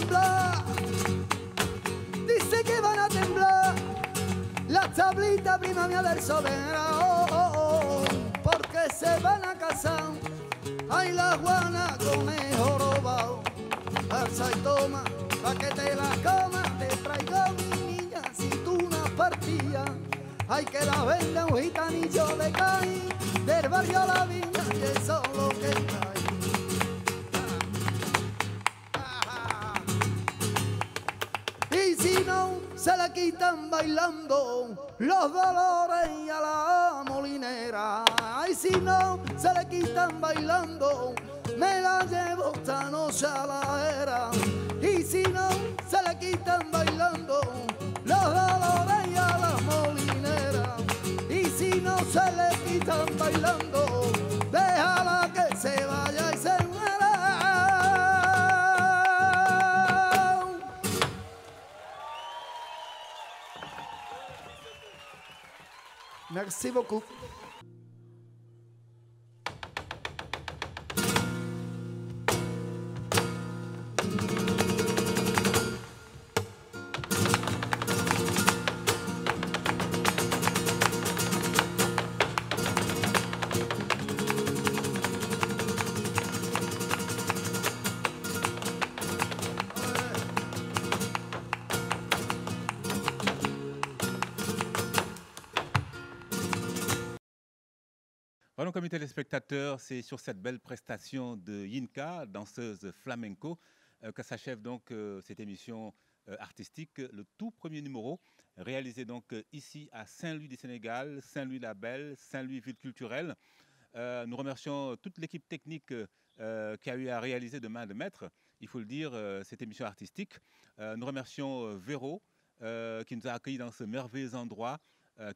temblar, dice que van a temblar la tablita prima del soberano, oh, oh, oh, porque se van a casar, ay la guana come robado, alza y toma, pa' que te la coma, te traigo mi niña, si tú una partida, hay que la venda un gitanillo de caí, del barrio La viña, y eso. quitan bailando los dolores a la molinera. Ay, si no se le quitan bailando, me la llevo esta noche a la Merci beaucoup. téléspectateurs, c'est sur cette belle prestation de Yinka, danseuse flamenco, euh, que s'achève donc euh, cette émission euh, artistique, le tout premier numéro, réalisé donc ici à Saint-Louis du Sénégal, Saint-Louis-la-Belle, Saint-Louis-Ville culturelle. nous remercions toute l'équipe technique qui a eu à réaliser de main de maître, il faut le dire, cette émission artistique. nous remercions Véro qui nous a accueillis dans ce merveilleux endroit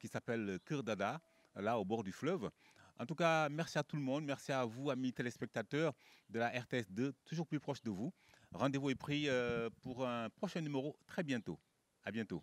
qui s'appelle Kurdada, là au bord du fleuve. En tout cas, merci à tout le monde. Merci à vous, amis téléspectateurs de la RTS2, toujours plus proche de vous. Rendez-vous est pris euh, pour un prochain numéro très bientôt. À bientôt.